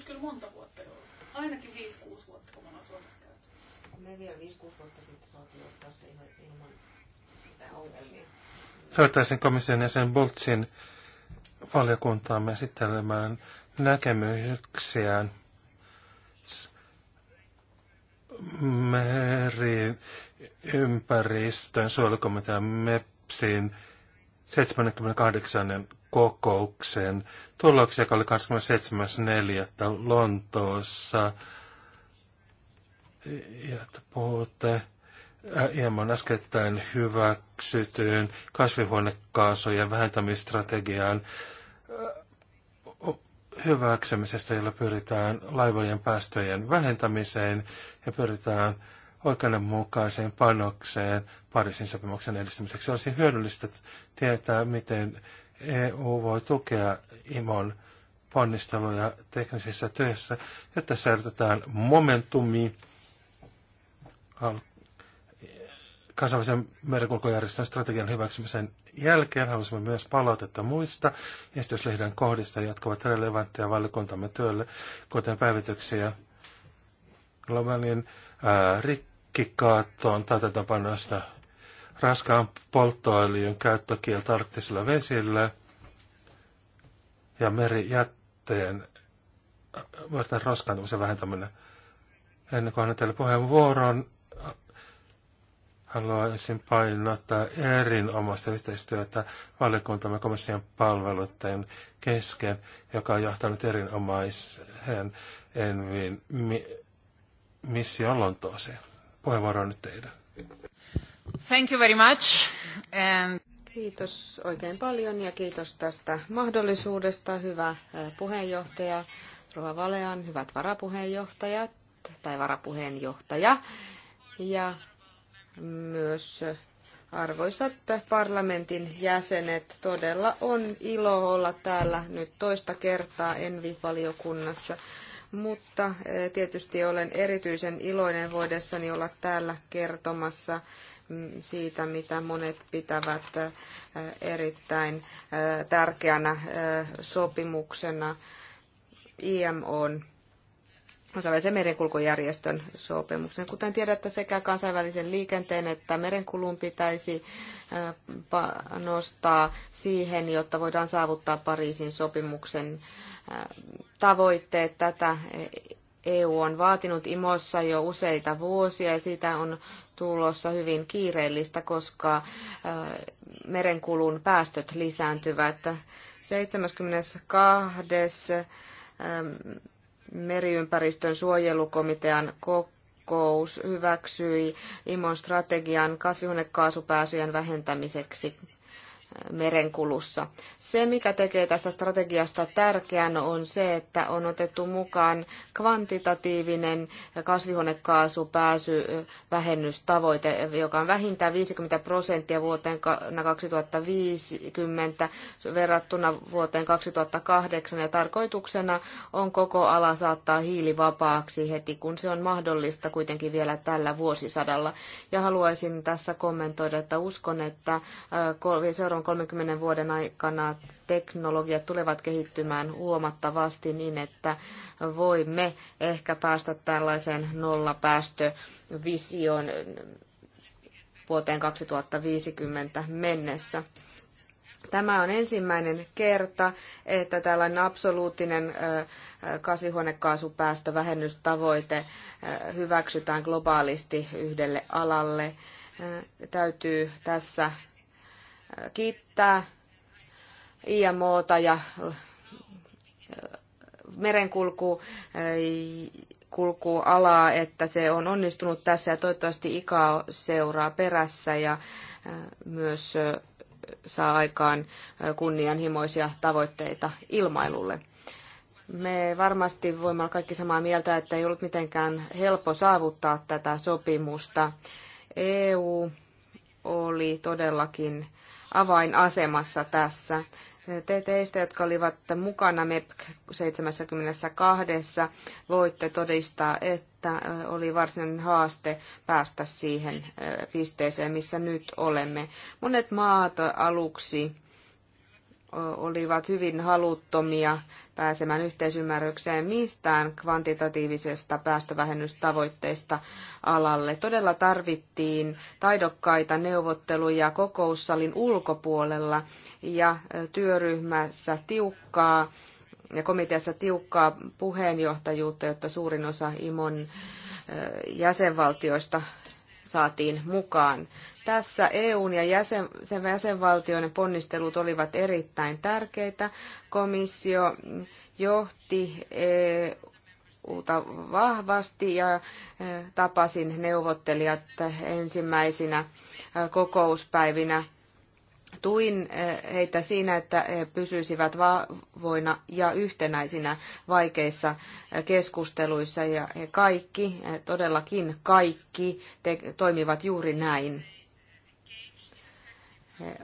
nyt kyllä monta vuotta jo. Ainakin 5-6 vuotta, kun me ollaan Suomessa käyty. Me vielä 5-6 vuotta sitten saatiin ottaa se ihan ilman mitään ongelmia. Soittaisin komission jäsen Boltsin valiokuntaamme esittelemään näkemyksiään meri ympäristön suojelukomitean MEPSin 78 kokouksen tuloksia, joka oli 27.4. Lontoossa. Ja puhutte hieman äskettäin hyväksytyyn kasvihuonekaasujen vähentämistrategiaan hyväksymisestä, jolla pyritään laivojen päästöjen vähentämiseen ja pyritään oikeudenmukaiseen panokseen Pariisin sopimuksen edistämiseksi. Olisi hyödyllistä tietää, miten EU voi tukea IMON ponnisteluja teknisessä työssä, jotta säilytetään momentumi kansainvälisen merenkulkujärjestön strategian hyväksymisen jälkeen. Halusimme myös palautetta muista esityslehden kohdista, jotka ovat relevantteja valiokuntamme työlle, kuten päivityksiä globaalin ää, rikkikaattoon täytäntöpanosta raskaan polttoöljyn käyttökielto arktisilla vesillä – ja merijätteen merten raskaantumisen vähentäminen. Ennen kuin annan teille puheenvuoron, haluaisin painottaa erinomaista yhteistyötä valiokuntamme komission palveluiden kesken, joka on johtanut erinomaiseen Envin mi- mission Lontooseen. Puheenvuoro on nyt teidän. Thank you very much. And... Kiitos oikein paljon ja kiitos tästä mahdollisuudesta. Hyvä puheenjohtaja Rova Valean, hyvät varapuheenjohtajat tai varapuheenjohtaja ja myös arvoisat parlamentin jäsenet. Todella on ilo olla täällä nyt toista kertaa Envi-valiokunnassa mutta tietysti olen erityisen iloinen voidessani olla täällä kertomassa siitä, mitä monet pitävät erittäin tärkeänä sopimuksena on kansainvälisen merenkulkujärjestön sopimuksen. Kuten tiedätte, sekä kansainvälisen liikenteen että merenkulun pitäisi panostaa siihen, jotta voidaan saavuttaa Pariisin sopimuksen tavoitteet. Tätä EU on vaatinut IMOssa jo useita vuosia ja siitä on tulossa hyvin kiireellistä, koska äh, merenkulun päästöt lisääntyvät. 72. Ähm, meriympäristön suojelukomitean kokous hyväksyi IMOn strategian kasvihuonekaasupääsyjen vähentämiseksi merenkulussa. Se, mikä tekee tästä strategiasta tärkeän, on se, että on otettu mukaan kvantitatiivinen kasvihuonekaasupääsyvähennystavoite, joka on vähintään 50 prosenttia vuoteen 2050 verrattuna vuoteen 2008, ja tarkoituksena on koko ala saattaa hiilivapaaksi heti, kun se on mahdollista kuitenkin vielä tällä vuosisadalla. Ja haluaisin tässä kommentoida, että uskon, että seuraavan seuraavan 30 vuoden aikana teknologiat tulevat kehittymään huomattavasti niin, että voimme ehkä päästä tällaiseen nollapäästövisioon vuoteen 2050 mennessä. Tämä on ensimmäinen kerta, että tällainen absoluuttinen kasvihuonekaasupäästövähennystavoite hyväksytään globaalisti yhdelle alalle. Täytyy tässä kiittää IMOta ja merenkulku alaa, että se on onnistunut tässä ja toivottavasti ICAO seuraa perässä ja myös saa aikaan kunnianhimoisia tavoitteita ilmailulle. Me varmasti voimme olla kaikki samaa mieltä, että ei ollut mitenkään helppo saavuttaa tätä sopimusta. EU oli todellakin avainasemassa tässä. Te teistä, jotka olivat mukana MEP 72, voitte todistaa, että oli varsinainen haaste päästä siihen pisteeseen, missä nyt olemme. Monet maat aluksi olivat hyvin haluttomia pääsemään yhteisymmärrykseen mistään kvantitatiivisesta päästövähennystavoitteista alalle. Todella tarvittiin taidokkaita neuvotteluja kokoussalin ulkopuolella ja työryhmässä tiukkaa ja komiteassa tiukkaa puheenjohtajuutta, jotta suurin osa IMON jäsenvaltioista saatiin mukaan. Tässä EUn ja jäsen, sen jäsenvaltioiden ponnistelut olivat erittäin tärkeitä. Komissio johti EUta vahvasti ja eh, tapasin neuvottelijat ensimmäisinä eh, kokouspäivinä tuin eh, heitä siinä, että he pysyisivät vahvoina ja yhtenäisinä vaikeissa keskusteluissa ja he kaikki, todellakin kaikki, te, toimivat juuri näin. He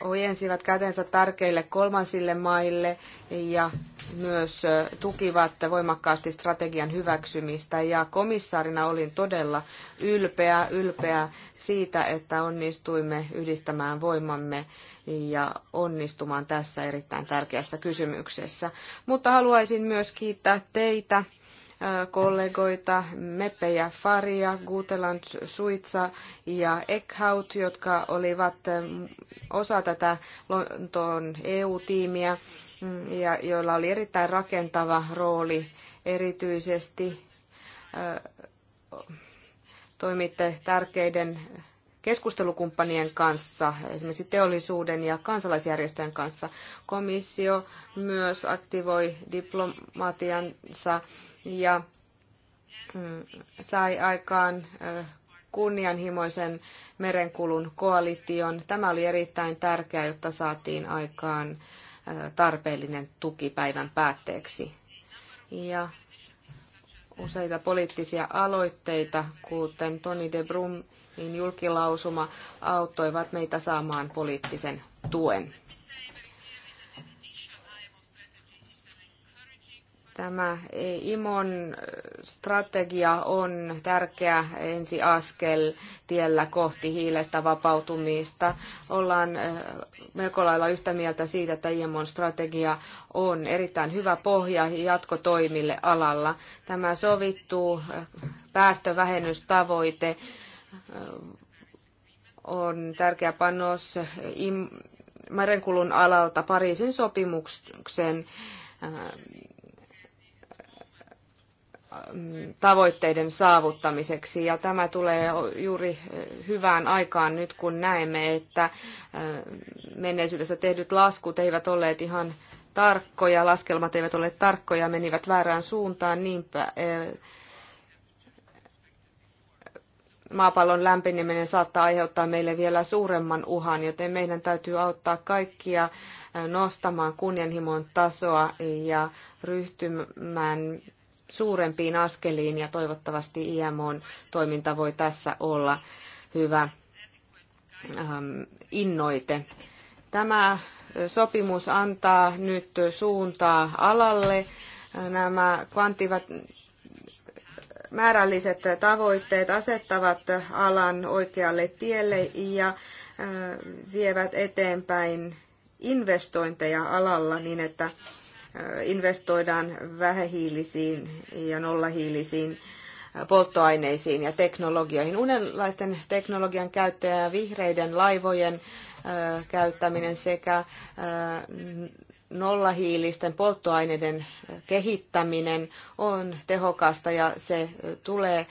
ojensivat kätensä tärkeille kolmansille maille ja myös tukivat voimakkaasti strategian hyväksymistä. Ja komissaarina olin todella ylpeä, ylpeä siitä, että onnistuimme yhdistämään voimamme ja onnistumaan tässä erittäin tärkeässä kysymyksessä. Mutta haluaisin myös kiittää teitä kollegoita, Meppejä Faria, Guteland Suitsa ja Eckhout, jotka olivat osa tätä Lontoon EU-tiimiä mm, ja joilla oli erittäin rakentava rooli erityisesti toimitte tärkeiden keskustelukumppanien kanssa, esimerkiksi teollisuuden ja kansalaisjärjestöjen kanssa. Komissio myös aktivoi diplomatiansa ja mm, sai aikaan kunnianhimoisen merenkulun koalition. Tämä oli erittäin tärkeää, jotta saatiin aikaan tarpeellinen tuki päivän päätteeksi. Ja useita poliittisia aloitteita, kuten Toni de Brum niin julkilausuma auttoivat meitä saamaan poliittisen tuen. Tämä IMON strategia on tärkeä ensiaskel tiellä kohti hiilestä vapautumista. Ollaan eh, melko lailla yhtä mieltä siitä, että IMON strategia on erittäin hyvä pohja jatkotoimille alalla. Tämä sovittu eh, päästövähennystavoite on tärkeä panos merenkulun alalta Pariisin sopimuksen äh, tavoitteiden saavuttamiseksi. Ja tämä tulee juuri hyvään aikaan nyt, kun näemme, että äh, menneisyydessä tehdyt laskut eivät olleet ihan tarkkoja, laskelmat eivät olleet tarkkoja, menivät väärään suuntaan, niinpä äh, maapallon lämpeneminen saattaa aiheuttaa meille vielä suuremman uhan, joten meidän täytyy auttaa kaikkia nostamaan kunnianhimon tasoa ja ryhtymään suurempiin askeliin ja toivottavasti IMOn toiminta voi tässä olla hyvä innoite. Tämä sopimus antaa nyt suuntaa alalle. Nämä kvantitatiiviset määrälliset tavoitteet asettavat alan oikealle tielle ja vievät eteenpäin investointeja alalla niin, että investoidaan vähähiilisiin ja nollahiilisiin polttoaineisiin ja teknologioihin. Uudenlaisten teknologian käyttöä ja vihreiden laivojen käyttäminen sekä nollahiilisten polttoaineiden kehittäminen on tehokasta ja se tulee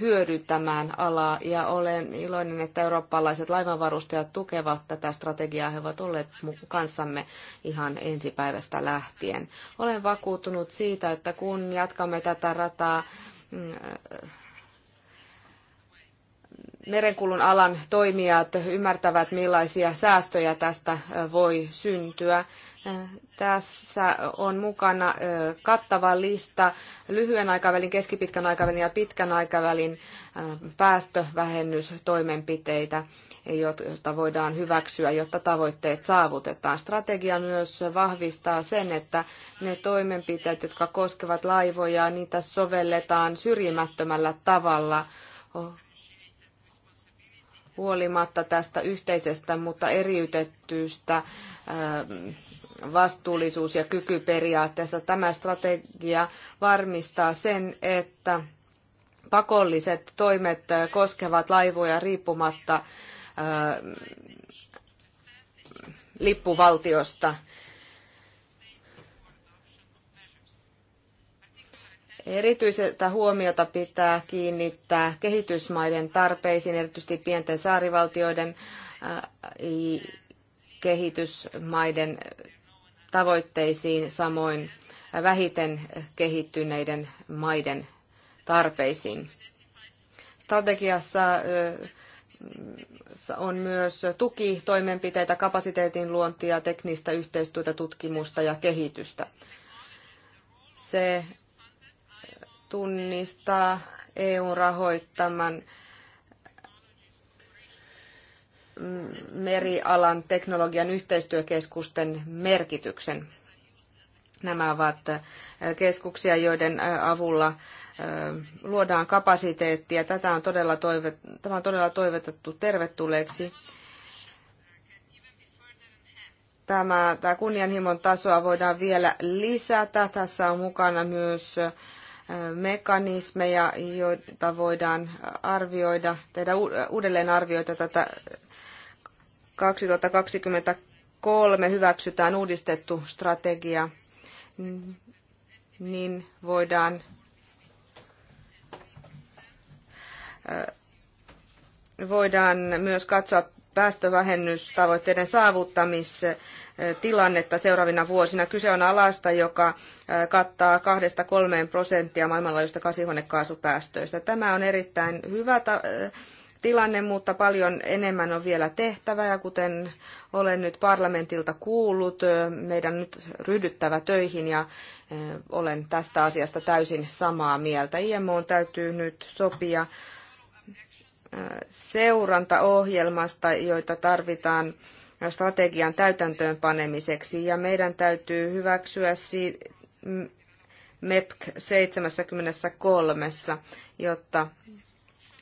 hyödyttämään alaa ja olen iloinen, että eurooppalaiset laivanvarustajat tukevat tätä strategiaa. He ovat olleet kanssamme ihan ensipäivästä lähtien. Olen vakuuttunut siitä, että kun jatkamme tätä rataa mm, äh, merenkulun alan toimijat ymmärtävät, millaisia säästöjä tästä äh, voi syntyä. Tässä on mukana kattava lista lyhyen aikavälin, keskipitkän aikavälin ja pitkän aikavälin päästövähennystoimenpiteitä, joita voidaan hyväksyä, jotta tavoitteet saavutetaan. Strategia myös vahvistaa sen, että ne toimenpiteet, jotka koskevat laivoja, niitä sovelletaan syrjimättömällä tavalla huolimatta tästä yhteisestä, mutta eriytettystä vastuullisuus- ja periaatteessa Tämä strategia varmistaa sen, että pakolliset toimet koskevat laivoja riippumatta lippuvaltiosta. Erityiseltä huomiota pitää kiinnittää kehitysmaiden tarpeisiin, erityisesti pienten saarivaltioiden kehitysmaiden tavoitteisiin, samoin vähiten kehittyneiden maiden tarpeisiin. Strategiassa on myös tuki, toimenpiteitä, kapasiteetin luontia, teknistä yhteistyötä, tutkimusta ja kehitystä. Se tunnistaa EUn rahoittaman merialan teknologian yhteistyökeskusten merkityksen. Nämä ovat äh, keskuksia, joiden äh, avulla äh, luodaan kapasiteettia. Tätä on todella toive, tämä on todella toivotettu tervetulleeksi. Tämä, tämä kunnianhimon tasoa voidaan vielä lisätä. Tässä on mukana myös mekanismeja, joita voidaan arvioida, tehdä uudelleen arvioita tätä 2023 hyväksytään uudistettu strategia, niin voidaan voidaan myös katsoa päästövähennystavoitteiden saavuttamistilannetta seuraavina vuosina. Kyse on alasta, joka kattaa 2-3 prosenttia maailmanlaajuisista kasvihuonekaasupäästöistä. Tämä on erittäin hyvä ta- tilanne, mutta paljon enemmän on vielä tehtävä ja kuten olen nyt parlamentilta kuullut, meidän nyt ryhdyttävä töihin ja olen tästä asiasta täysin samaa mieltä. IMO täytyy nyt sopia seurantaohjelmasta, joita tarvitaan strategian täytäntöönpanemiseksi ja meidän täytyy hyväksyä e MEPC 73, jotta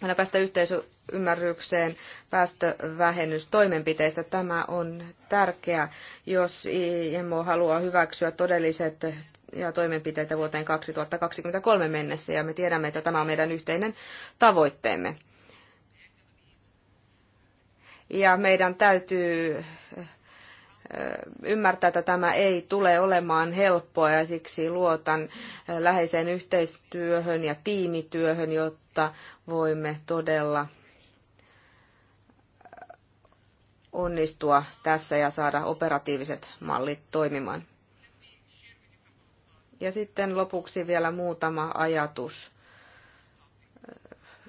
aina päästä yhteisymmärrykseen päästövähennystoimenpiteistä. Tämä on tärkeää, jos IMO haluaa hyväksyä todelliset ja toimenpiteitä vuoteen 2023 mennessä, ja me tiedämme, että tämä on meidän yhteinen tavoitteemme. Ja meidän täytyy ymmärtää, että tämä ei tule olemaan helppoa ja siksi luotan läheiseen yhteistyöhön ja tiimityöhön, jotta voimme todella äh, onnistua tässä ja saada operatiiviset mallit toimimaan. Ja sitten lopuksi vielä muutama ajatus äh,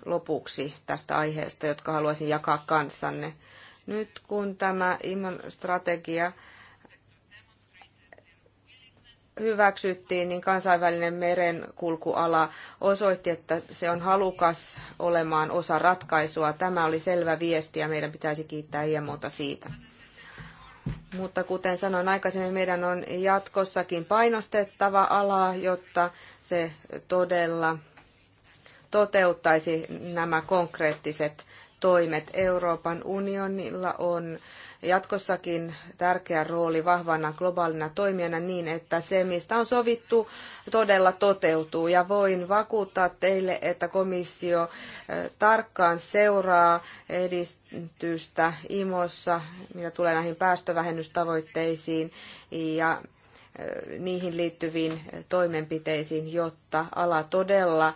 lopuksi tästä aiheesta, jotka haluaisin jakaa kanssanne. Nyt kun tämä strategia strategia hyväksyttiin, niin kansainvälinen merenkulkuala osoitti, että se on halukas olemaan osa ratkaisua. Tämä oli selvä viesti ja meidän pitäisi kiittää IMOta siitä. Mutta kuten sanoin aikaisemmin, meidän on jatkossakin painostettava alaa, jotta se todella toteuttaisi nämä konkreettiset toimet. Euroopan unionilla on jatkossakin tärkeä rooli vahvana globaalina toimijana niin, että se, mistä on sovittu, todella toteutuu. Ja voin vakuuttaa teille, että komissio eh, tarkkaan seuraa edistystä IMOssa, mitä tulee näihin päästövähennystavoitteisiin ja eh, niihin liittyviin toimenpiteisiin, jotta ala todella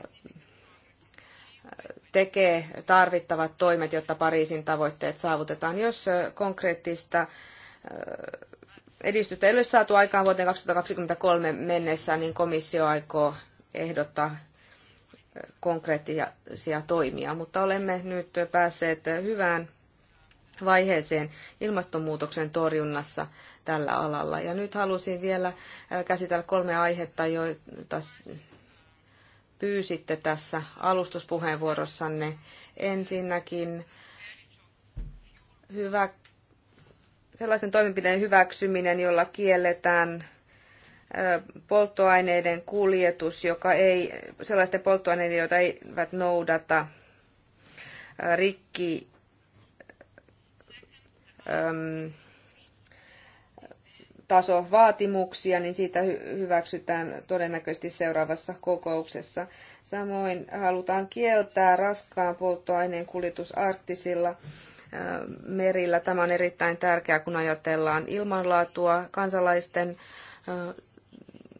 eh, tekee tarvittavat toimet, jotta Pariisin tavoitteet saavutetaan. Jos konkreettista edistystä ei ole saatu aikaan vuoteen 2023 mennessä, niin komissio aikoo ehdottaa konkreettisia toimia, mutta olemme nyt päässeet hyvään vaiheeseen ilmastonmuutoksen torjunnassa tällä alalla. Ja nyt halusin vielä käsitellä kolme aihetta, joita pyysitte tässä alustuspuheenvuorossanne. Ensinnäkin hyvä, sellaisen toimenpiteen hyväksyminen, jolla kielletään polttoaineiden kuljetus, joka ei, sellaisten polttoaineiden, joita eivät noudata rikki äm, taso vaatimuksia, niin siitä hyväksytään todennäköisesti seuraavassa kokouksessa. Samoin halutaan kieltää raskaan polttoaineen kuljetus arktisilla äh, merillä. Tämä on erittäin tärkeää, kun ajatellaan ilmanlaatua, kansalaisten äh,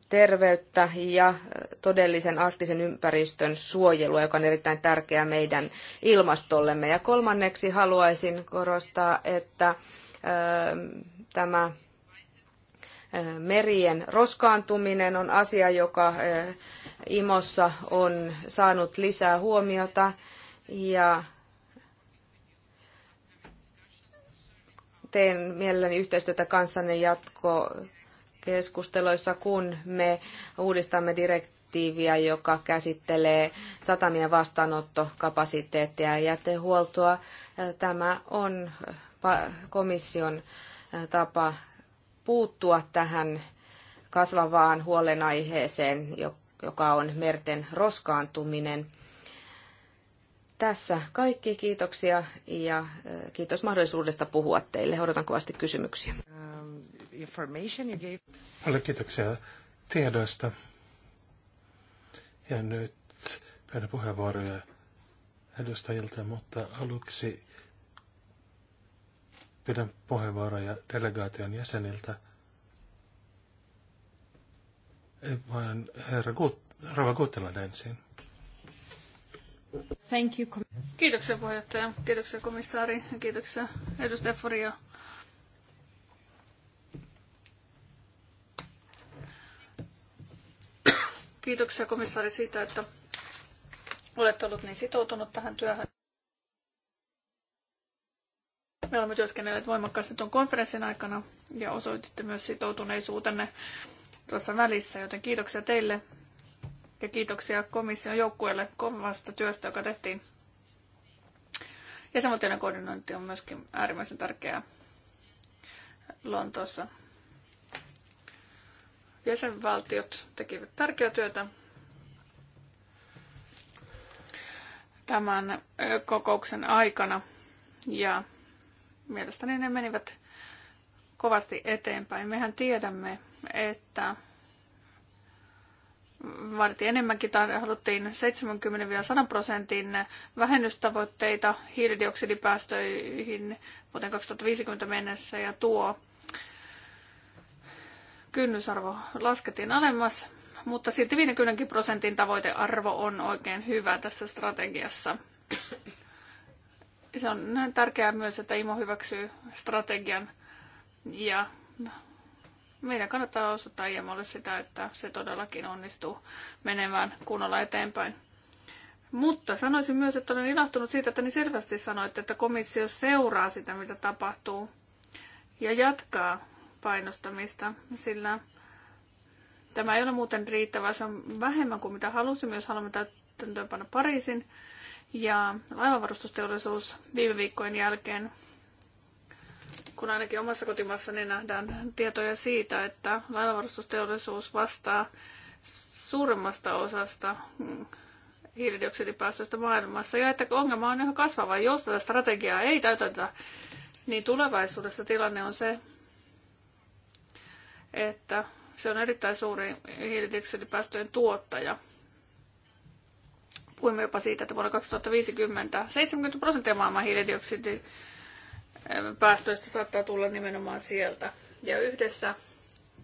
terveyttä ja äh, todellisen arktisen ympäristön suojelua, joka on erittäin tärkeää meidän ilmastollemme. Ja kolmanneksi haluaisin korostaa, että tämä merien roskaantuminen on asia, joka Imossa on saanut lisää huomiota ja teen mielelläni yhteistyötä kanssanne jatkokeskusteluissa, kun me uudistamme direktiiviä, joka käsittelee satamien vastaanottokapasiteettia ja jätehuoltoa. Tämä on komission tapa puuttua tähän kasvavaan huolenaiheeseen, joka on merten roskaantuminen. Tässä kaikki kiitoksia ja kiitos mahdollisuudesta puhua teille. Odotan kovasti kysymyksiä. Um, Paljon kiitoksia tiedoista. Ja nyt pyydän puheenvuoroja edustajilta, mutta aluksi pidän puheenvuoroja delegaation jäseniltä. Ei vaan herra Gut, Rava Guttelad ensin. Thank you. Kiitoksia puheenjohtaja, kiitoksia komissaari ja kiitoksia edustaja Foria. Kiitoksia komissaari siitä, että olette ollut niin sitoutunut tähän työhön. Me olemme työskennelleet voimakkaasti tuon konferenssin aikana ja osoititte myös sitoutuneisuutenne tuossa välissä, joten kiitoksia teille ja kiitoksia komission joukkueelle kovasta työstä, joka tehtiin. Jäsenvaltioiden koordinointi on myöskin äärimmäisen tärkeää Lontoossa. Jäsenvaltiot tekivät tärkeää työtä tämän kokouksen aikana ja Mielestäni ne menivät kovasti eteenpäin. Mehän tiedämme, että vaadittiin enemmänkin tai haluttiin 70-100 prosentin vähennystavoitteita hiilidioksidipäästöihin vuoteen 2050 mennessä ja tuo kynnysarvo laskettiin alemmas, mutta silti 50 prosentin tavoitearvo on oikein hyvä tässä strategiassa. Se on näin tärkeää myös, että IMO hyväksyy strategian ja meidän kannattaa osoittaa IMOlle sitä, että se todellakin onnistuu menemään kunnolla eteenpäin. Mutta sanoisin myös, että olen ilahtunut siitä, että niin selvästi sanoitte, että komissio seuraa sitä, mitä tapahtuu ja jatkaa painostamista, sillä tämä ei ole muuten riittävää. Se on vähemmän kuin mitä halusimme, jos haluamme panna Pariisin ja laivavarustusteollisuus viime viikkojen jälkeen, kun ainakin omassa kotimassani nähdään tietoja siitä, että laivavarustusteollisuus vastaa suuremmasta osasta hiilidioksidipäästöistä maailmassa ja että ongelma on ihan kasvava. Jos tätä strategiaa ei täytetä, niin tulevaisuudessa tilanne on se, että se on erittäin suuri hiilidioksidipäästöjen tuottaja – Puhuimme jopa siitä, että vuonna 2050 70 prosenttia maailman hiilidioksidipäästöistä saattaa tulla nimenomaan sieltä. Ja yhdessä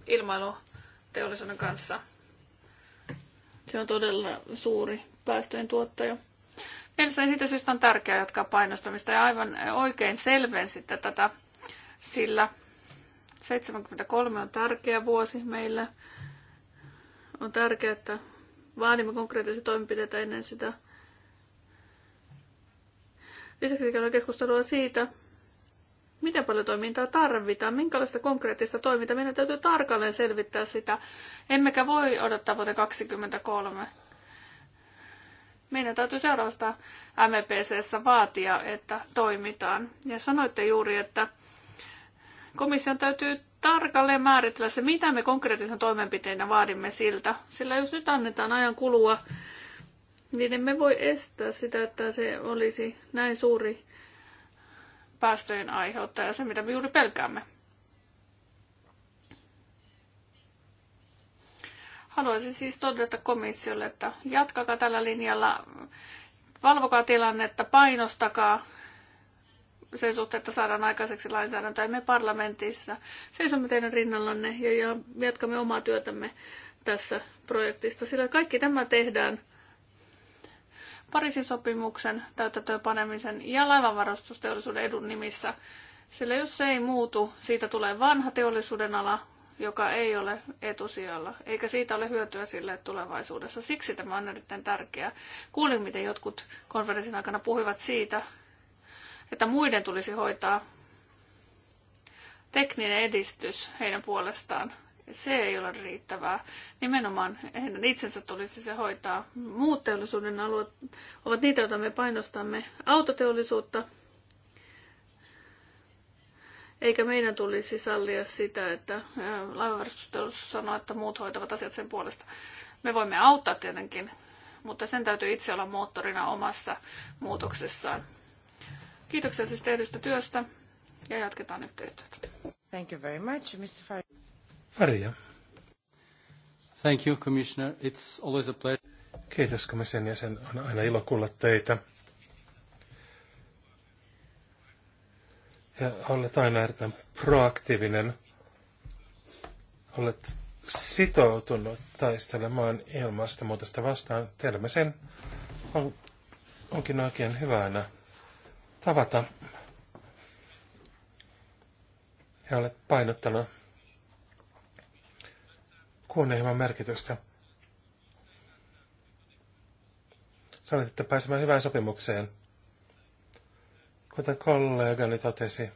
ilmailuteollisuuden kanssa se on todella suuri päästöjen tuottaja. Mielestäni siitä syystä on tärkeää jatkaa painostamista ja aivan oikein selvensitte tätä, sillä 73 on tärkeä vuosi meillä. On tärkeää, että vaadimme konkreettisia toimenpiteitä ennen sitä. Lisäksi käydään keskustelua siitä, miten paljon toimintaa tarvitaan, minkälaista konkreettista toimintaa. Meidän täytyy tarkalleen selvittää sitä. Emmekä voi odottaa vuoteen 2023. Meidän täytyy seuraavasta MEPCssä vaatia, että toimitaan. Ja sanoitte juuri, että komission täytyy tarkalleen määritellä se, mitä me konkreettisena toimenpiteinä vaadimme siltä. Sillä jos nyt annetaan ajan kulua, niin emme voi estää sitä, että se olisi näin suuri päästöjen aiheuttaja, se mitä me juuri pelkäämme. Haluaisin siis todeta komissiolle, että jatkakaa tällä linjalla, valvokaa tilannetta, painostakaa sen suhteen, että saadaan aikaiseksi lainsäädäntöä. Me parlamentissa seisomme teidän rinnallanne ja jatkamme omaa työtämme tässä projektista, sillä kaikki tämä tehdään Pariisin sopimuksen täytäntöönpanemisen ja laivanvarastusteollisuuden edun nimissä. Sillä jos se ei muutu, siitä tulee vanha teollisuuden ala, joka ei ole etusijalla, eikä siitä ole hyötyä sille tulevaisuudessa. Siksi tämä on erittäin tärkeää. Kuulin, miten jotkut konferenssin aikana puhuivat siitä, että muiden tulisi hoitaa tekninen edistys heidän puolestaan. Se ei ole riittävää. Nimenomaan heidän itsensä tulisi se hoitaa. Muut teollisuuden alueet ovat niitä, joita me painostamme autoteollisuutta. Eikä meidän tulisi sallia sitä, että laivavarustusteollisuus sanoo, että muut hoitavat asiat sen puolesta. Me voimme auttaa tietenkin, mutta sen täytyy itse olla moottorina omassa muutoksessaan. Kiitoksia siis tehdystä työstä ja jatketaan yhteistyötä. Thank you very much, Mr. Faria. Faria. Thank you, Commissioner. It's always a pleasure. Kiitos komission jäsen. On aina ilo kuulla teitä. Ja olet aina erittäin proaktiivinen. Olet sitoutunut taistelemaan ilmastonmuutosta vastaan. Teemme sen. On, onkin oikein hyvänä tavata. Ja olet painottanut kunnianhimon merkitystä. Sanoit, että pääsemme hyvään sopimukseen. Kuten kollegani totesi,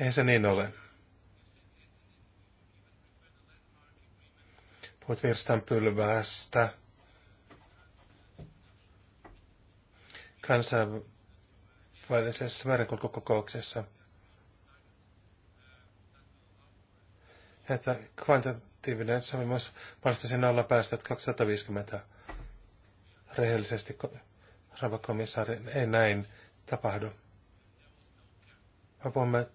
ei se niin ole. Puhut virstan pylvästä kansainvälisessä merenkulkukokouksessa. Että kvantitatiivinen sopimus vastasi nolla päästöt 2050 rehellisesti ravakomissaari, ei näin tapahdu. puhumme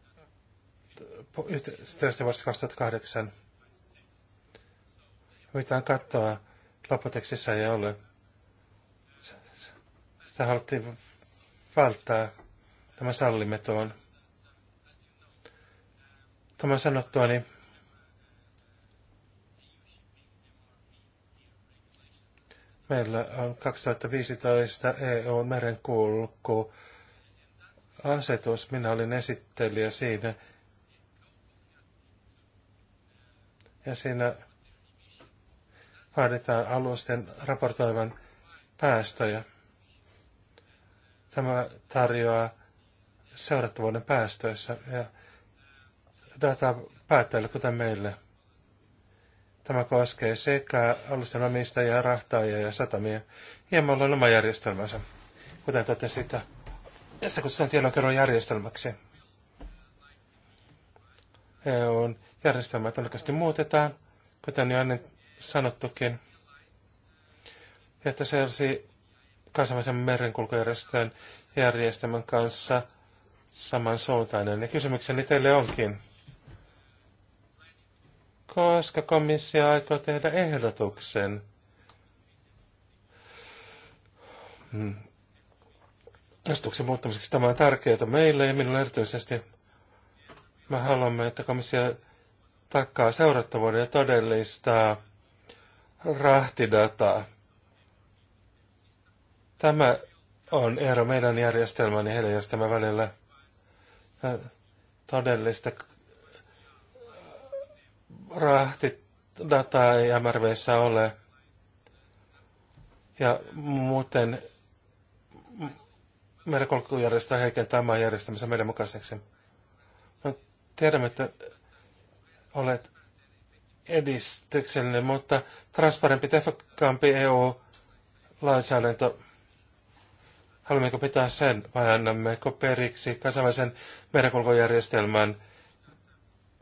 yhteistyöstä vuodesta 2008. Mitään kattoa lopputeksissä ei ole. Sitä haluttiin välttää. Tämä sallimme tuon. Tämä sanottua, niin meillä on 2015 meren merenkulku asetus. Minä olin esittelijä siinä. Ja siinä vaaditaan alusten raportoivan päästöjä. Tämä tarjoaa seurattavuuden päästöissä ja dataa päättäjille, kuten meille. Tämä koskee sekä alusten omistajia, rahtaajia ja satamia. Hieman on oma järjestelmänsä, kuten totesit. Ja sitä kutsutaan tiedonkerron järjestelmäksi. EUn järjestelmää todennäköisesti muutetaan, kuten jo ennen sanottukin. Että se olisi kansainvälisen merenkulkujärjestön järjestelmän kanssa samansuuntainen. Ja kysymykseni teille onkin, koska komissio aikoo tehdä ehdotuksen hmm. Asetuksen muuttamiseksi tämä on tärkeää meille ja minulle erityisesti. Me haluamme, että komissio takaa seurattavuuden ja todellista rahtidataa. Tämä on ero meidän järjestelmän ja heidän järjestelmän välillä. Todellista äh, rahtidataa ei MRVssä ole. Ja muuten meidän kulkujärjestö heikentää tämän järjestämisen meidän mukaiseksi. No, tiedämme, että olet edistyksellinen, mutta transparempi, tehokkaampi EU-lainsäädäntö Haluammeko pitää sen vai annammeko periksi kansainvälisen merenkulkojärjestelmän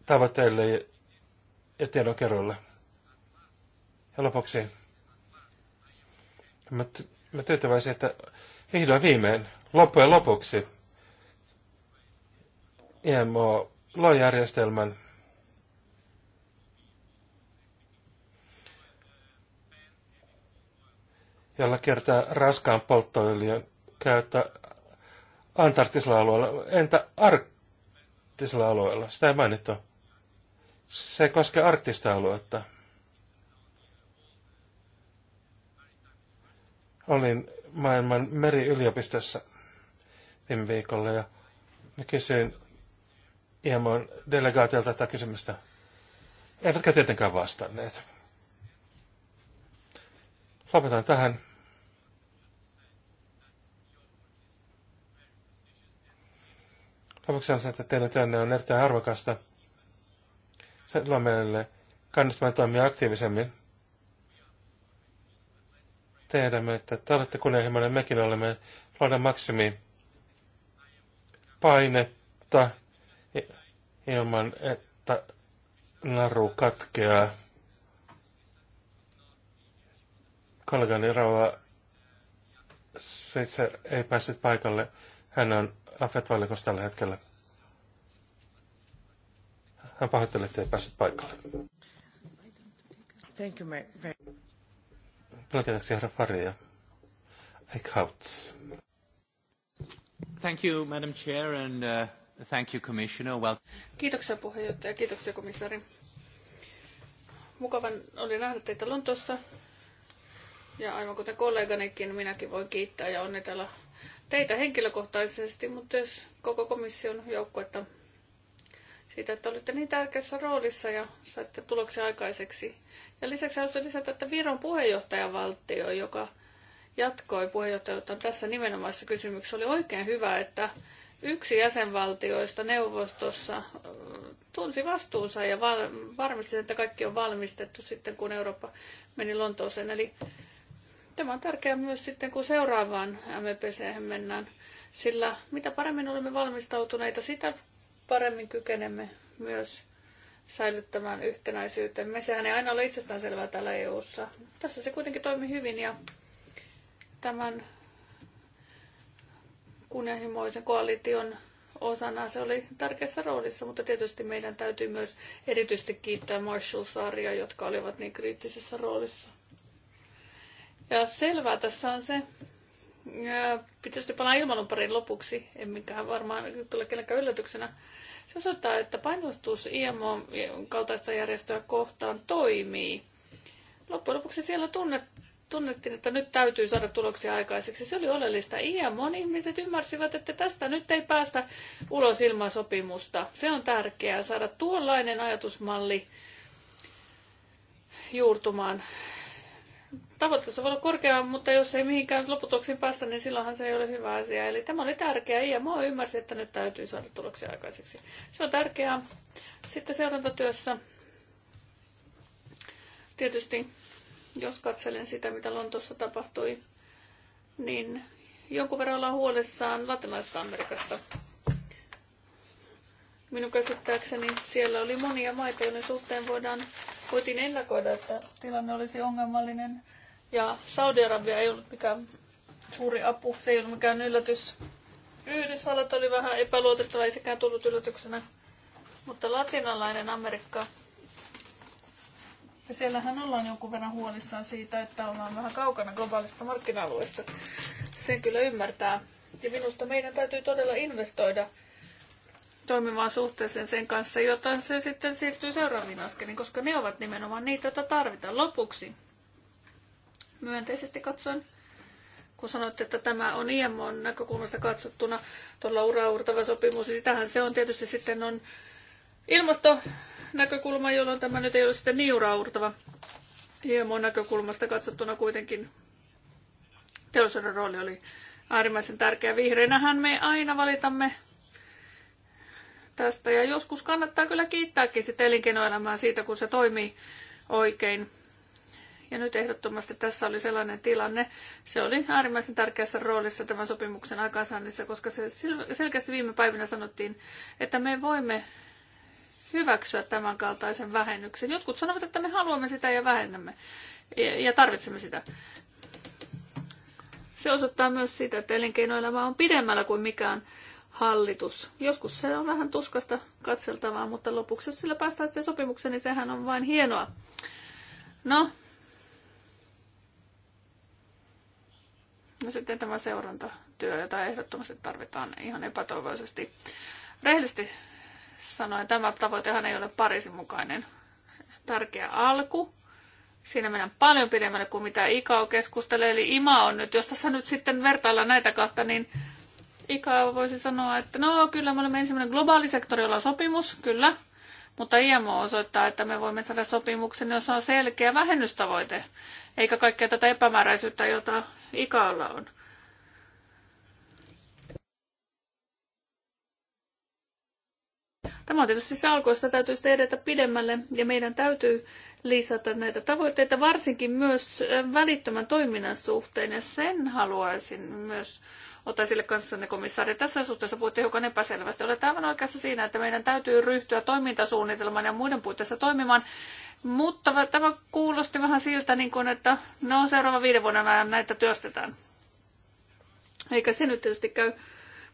tavoitteille ja tiedonkeruulle? Ja lopuksi, mä, mä tyytyväisin, että vihdoin viimein, loppujen lopuksi, IMO loi järjestelmän, jolla kertaa raskaan polttoöljyn käyttää antarktisella alueella. Entä arktisella alueella? Sitä ei mainittu. Se koskee arktista aluetta. Olin maailman meriyliopistossa viime viikolla ja mä kysyin IMOn delegaatiolta tätä kysymystä. Eivätkä tietenkään vastanneet. Lopetan tähän. Lopuksi on se, että teidän tilanne on erittäin arvokasta. Se luo meille kannustamaan toimia aktiivisemmin. Tiedämme, että te olette kunnianhimoinen, mekin olemme luoda maksimi painetta ilman, että naru katkeaa. Kollegani Rauha Switzer ei päässyt paikalle. Hän on AFET-valikossa tällä hetkellä. Hän pahoittelee, ettei päässyt paikalle. Thank you, Mary. Pelkätäksi herra Faria. Eichhauts. Thank you, Madam Chair, and uh, thank you, Commissioner. Well... Kiitoksia puheenjohtaja, kiitoksia komissaari. Mukavan oli nähdä teitä Lontoossa. Ja aivan kuten kolleganikin, minäkin voin kiittää ja onnitella teitä henkilökohtaisesti, mutta myös koko komission joukkuetta siitä, että olitte niin tärkeässä roolissa ja saitte tuloksia aikaiseksi. Ja lisäksi haluaisin lisätä, että Viron puheenjohtajavaltio, joka jatkoi puheenjohtajuutta tässä nimenomaisessa kysymyksessä, oli oikein hyvä, että yksi jäsenvaltioista neuvostossa tunsi vastuunsa ja varmisti, että kaikki on valmistettu sitten, kun Eurooppa meni Lontooseen. Eli Tämä on tärkeää myös sitten, kun seuraavaan MPC mennään, sillä mitä paremmin olemme valmistautuneita, sitä paremmin kykenemme myös säilyttämään yhtenäisyytemme. Sehän ei aina ole itsestäänselvää täällä EU-ssa. Tässä se kuitenkin toimi hyvin ja tämän kunnianhimoisen koalition osana se oli tärkeässä roolissa, mutta tietysti meidän täytyy myös erityisesti kiittää Marshall-saaria, jotka olivat niin kriittisessä roolissa. Ja selvää tässä on se, pitäisi panna ilmailuparin lopuksi, mikähän varmaan tule kenenkään yllätyksenä. Se osoittaa, että painostus IMO kaltaista järjestöä kohtaan toimii. Loppujen lopuksi siellä tunnet, tunnettiin, että nyt täytyy saada tuloksia aikaiseksi. Se oli oleellista. IMO ihmiset ymmärsivät, että tästä nyt ei päästä ulos ilman sopimusta. Se on tärkeää saada tuollainen ajatusmalli juurtumaan tavoitteessa voi olla korkea, mutta jos ei mihinkään lopputuloksiin päästä, niin silloinhan se ei ole hyvä asia. Eli tämä oli ja IMO ymmärsi, että nyt täytyy saada tuloksia aikaiseksi. Se on tärkeää. Sitten seurantatyössä tietysti, jos katselen sitä, mitä Lontossa tapahtui, niin jonkun verran ollaan huolissaan Latinalaisesta Amerikasta. Minun käsittääkseni siellä oli monia maita, joiden suhteen voidaan, voitiin ennakoida, että tilanne olisi ongelmallinen. Ja Saudi-Arabia ei ollut mikään suuri apu, se ei ollut mikään yllätys. Yhdysvallat oli vähän epäluotettava, ei sekään tullut yllätyksenä. Mutta latinalainen Amerikka. Ja siellähän ollaan jonkun verran huolissaan siitä, että ollaan vähän kaukana globaalista markkina-alueesta. Sen kyllä ymmärtää. Ja minusta meidän täytyy todella investoida toimivaan suhteeseen sen kanssa, jota se sitten siirtyy seuraaviin askeliin, koska ne ovat nimenomaan niitä, joita tarvitaan lopuksi. Myönteisesti katsoen, kun sanoitte, että tämä on IMOn näkökulmasta katsottuna tuolla uraurtava sopimus, niin tähän se on tietysti sitten on ilmastonäkökulma, jolloin tämä nyt ei ole sitten niin uraurtava. IMOn näkökulmasta katsottuna kuitenkin teollisuuden rooli oli äärimmäisen tärkeä. Vihreänähän me aina valitamme tästä. Ja joskus kannattaa kyllä kiittääkin sitä elinkeinoelämää siitä, kun se toimii oikein. Ja nyt ehdottomasti tässä oli sellainen tilanne. Se oli äärimmäisen tärkeässä roolissa tämän sopimuksen aikaansaannissa, koska se selkeästi viime päivinä sanottiin, että me voimme hyväksyä tämän kaltaisen vähennyksen. Jotkut sanovat, että me haluamme sitä ja vähennämme ja tarvitsemme sitä. Se osoittaa myös sitä, että elinkeinoelämä on pidemmällä kuin mikään hallitus. Joskus se on vähän tuskasta katseltavaa, mutta lopuksi jos sillä päästään sitten sopimukseen, niin sehän on vain hienoa. No. No sitten tämä seurantatyö, jota ehdottomasti tarvitaan ihan epätoivoisesti. Rehellisesti sanoen, tämä tavoitehan ei ole Pariisin mukainen tärkeä alku. Siinä mennään paljon pidemmälle kuin mitä ICAO keskustelee, eli IMA on nyt, jos tässä nyt sitten vertaillaan näitä kahta, niin ICAO voisi sanoa, että no kyllä me olemme ensimmäinen globaali sektori, jolla on sopimus, kyllä, mutta IMO osoittaa, että me voimme saada sopimuksen, jossa on selkeä vähennystavoite, eikä kaikkea tätä epämääräisyyttä, jota ICAOlla on. Tämä on tietysti se alku, josta täytyy edetä pidemmälle ja meidän täytyy lisätä näitä tavoitteita, varsinkin myös välittömän toiminnan suhteen ja sen haluaisin myös ottaa sille kanssanne komissaari. Tässä suhteessa puhutte hiukan epäselvästi. Olette aivan oikeassa siinä, että meidän täytyy ryhtyä toimintasuunnitelman ja muiden puitteissa toimimaan. Mutta tämä kuulosti vähän siltä, niin kuin, että no seuraavan viiden vuoden ajan näitä työstetään. Eikä se nyt tietysti käy.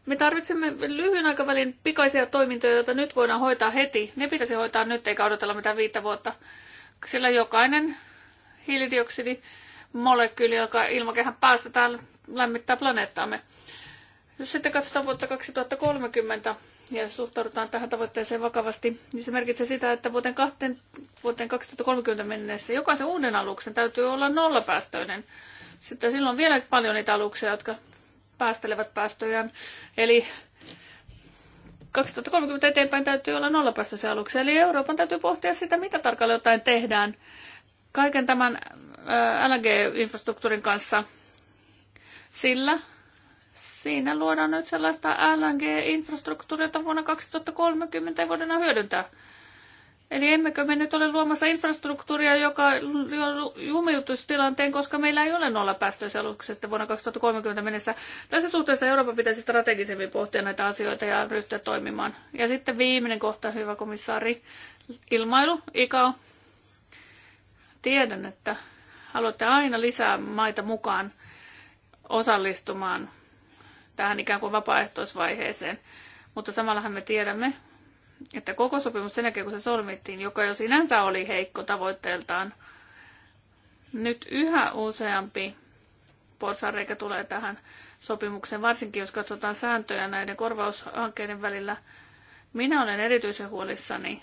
Me tarvitsemme lyhyen aikavälin pikaisia toimintoja, joita nyt voidaan hoitaa heti. Ne pitäisi hoitaa nyt eikä odotella mitään viittä vuotta. Sillä jokainen hiilidioksidimolekyyli, joka ilmakehän päästetään, lämmittää planeettaamme. Jos sitten katsotaan vuotta 2030 ja suhtaudutaan tähän tavoitteeseen vakavasti, niin se merkitsee sitä, että vuoteen, kahteen, vuoteen 2030 mennessä jokaisen uuden aluksen täytyy olla nollapäästöinen. Sitten silloin on vielä paljon niitä aluksia, jotka päästelevät päästöjään. Eli 2030 eteenpäin täytyy olla nollapäästöisiä aluksia. Eli Euroopan täytyy pohtia sitä, mitä tarkalleen jotain tehdään kaiken tämän LNG-infrastruktuurin kanssa. Sillä siinä luodaan nyt sellaista LNG-infrastruktuuria, jota vuonna 2030 ei voida enää hyödyntää. Eli emmekö me nyt ole luomassa infrastruktuuria, joka jumiutustilanteen, koska meillä ei ole nolla päästöisiä vuonna 2030 mennessä. Tässä suhteessa Eurooppa pitäisi strategisemmin pohtia näitä asioita ja ryhtyä toimimaan. Ja sitten viimeinen kohta, hyvä komissaari, ilmailu, ikao. Tiedän, että haluatte aina lisää maita mukaan osallistumaan tähän ikään kuin vapaaehtoisvaiheeseen. Mutta samallahan me tiedämme, että koko sopimus sen jälkeen, kun se solmittiin, joka jo sinänsä oli heikko tavoitteeltaan, nyt yhä useampi porsareikä tulee tähän sopimukseen, varsinkin jos katsotaan sääntöjä näiden korvaushankkeiden välillä. Minä olen erityisen huolissani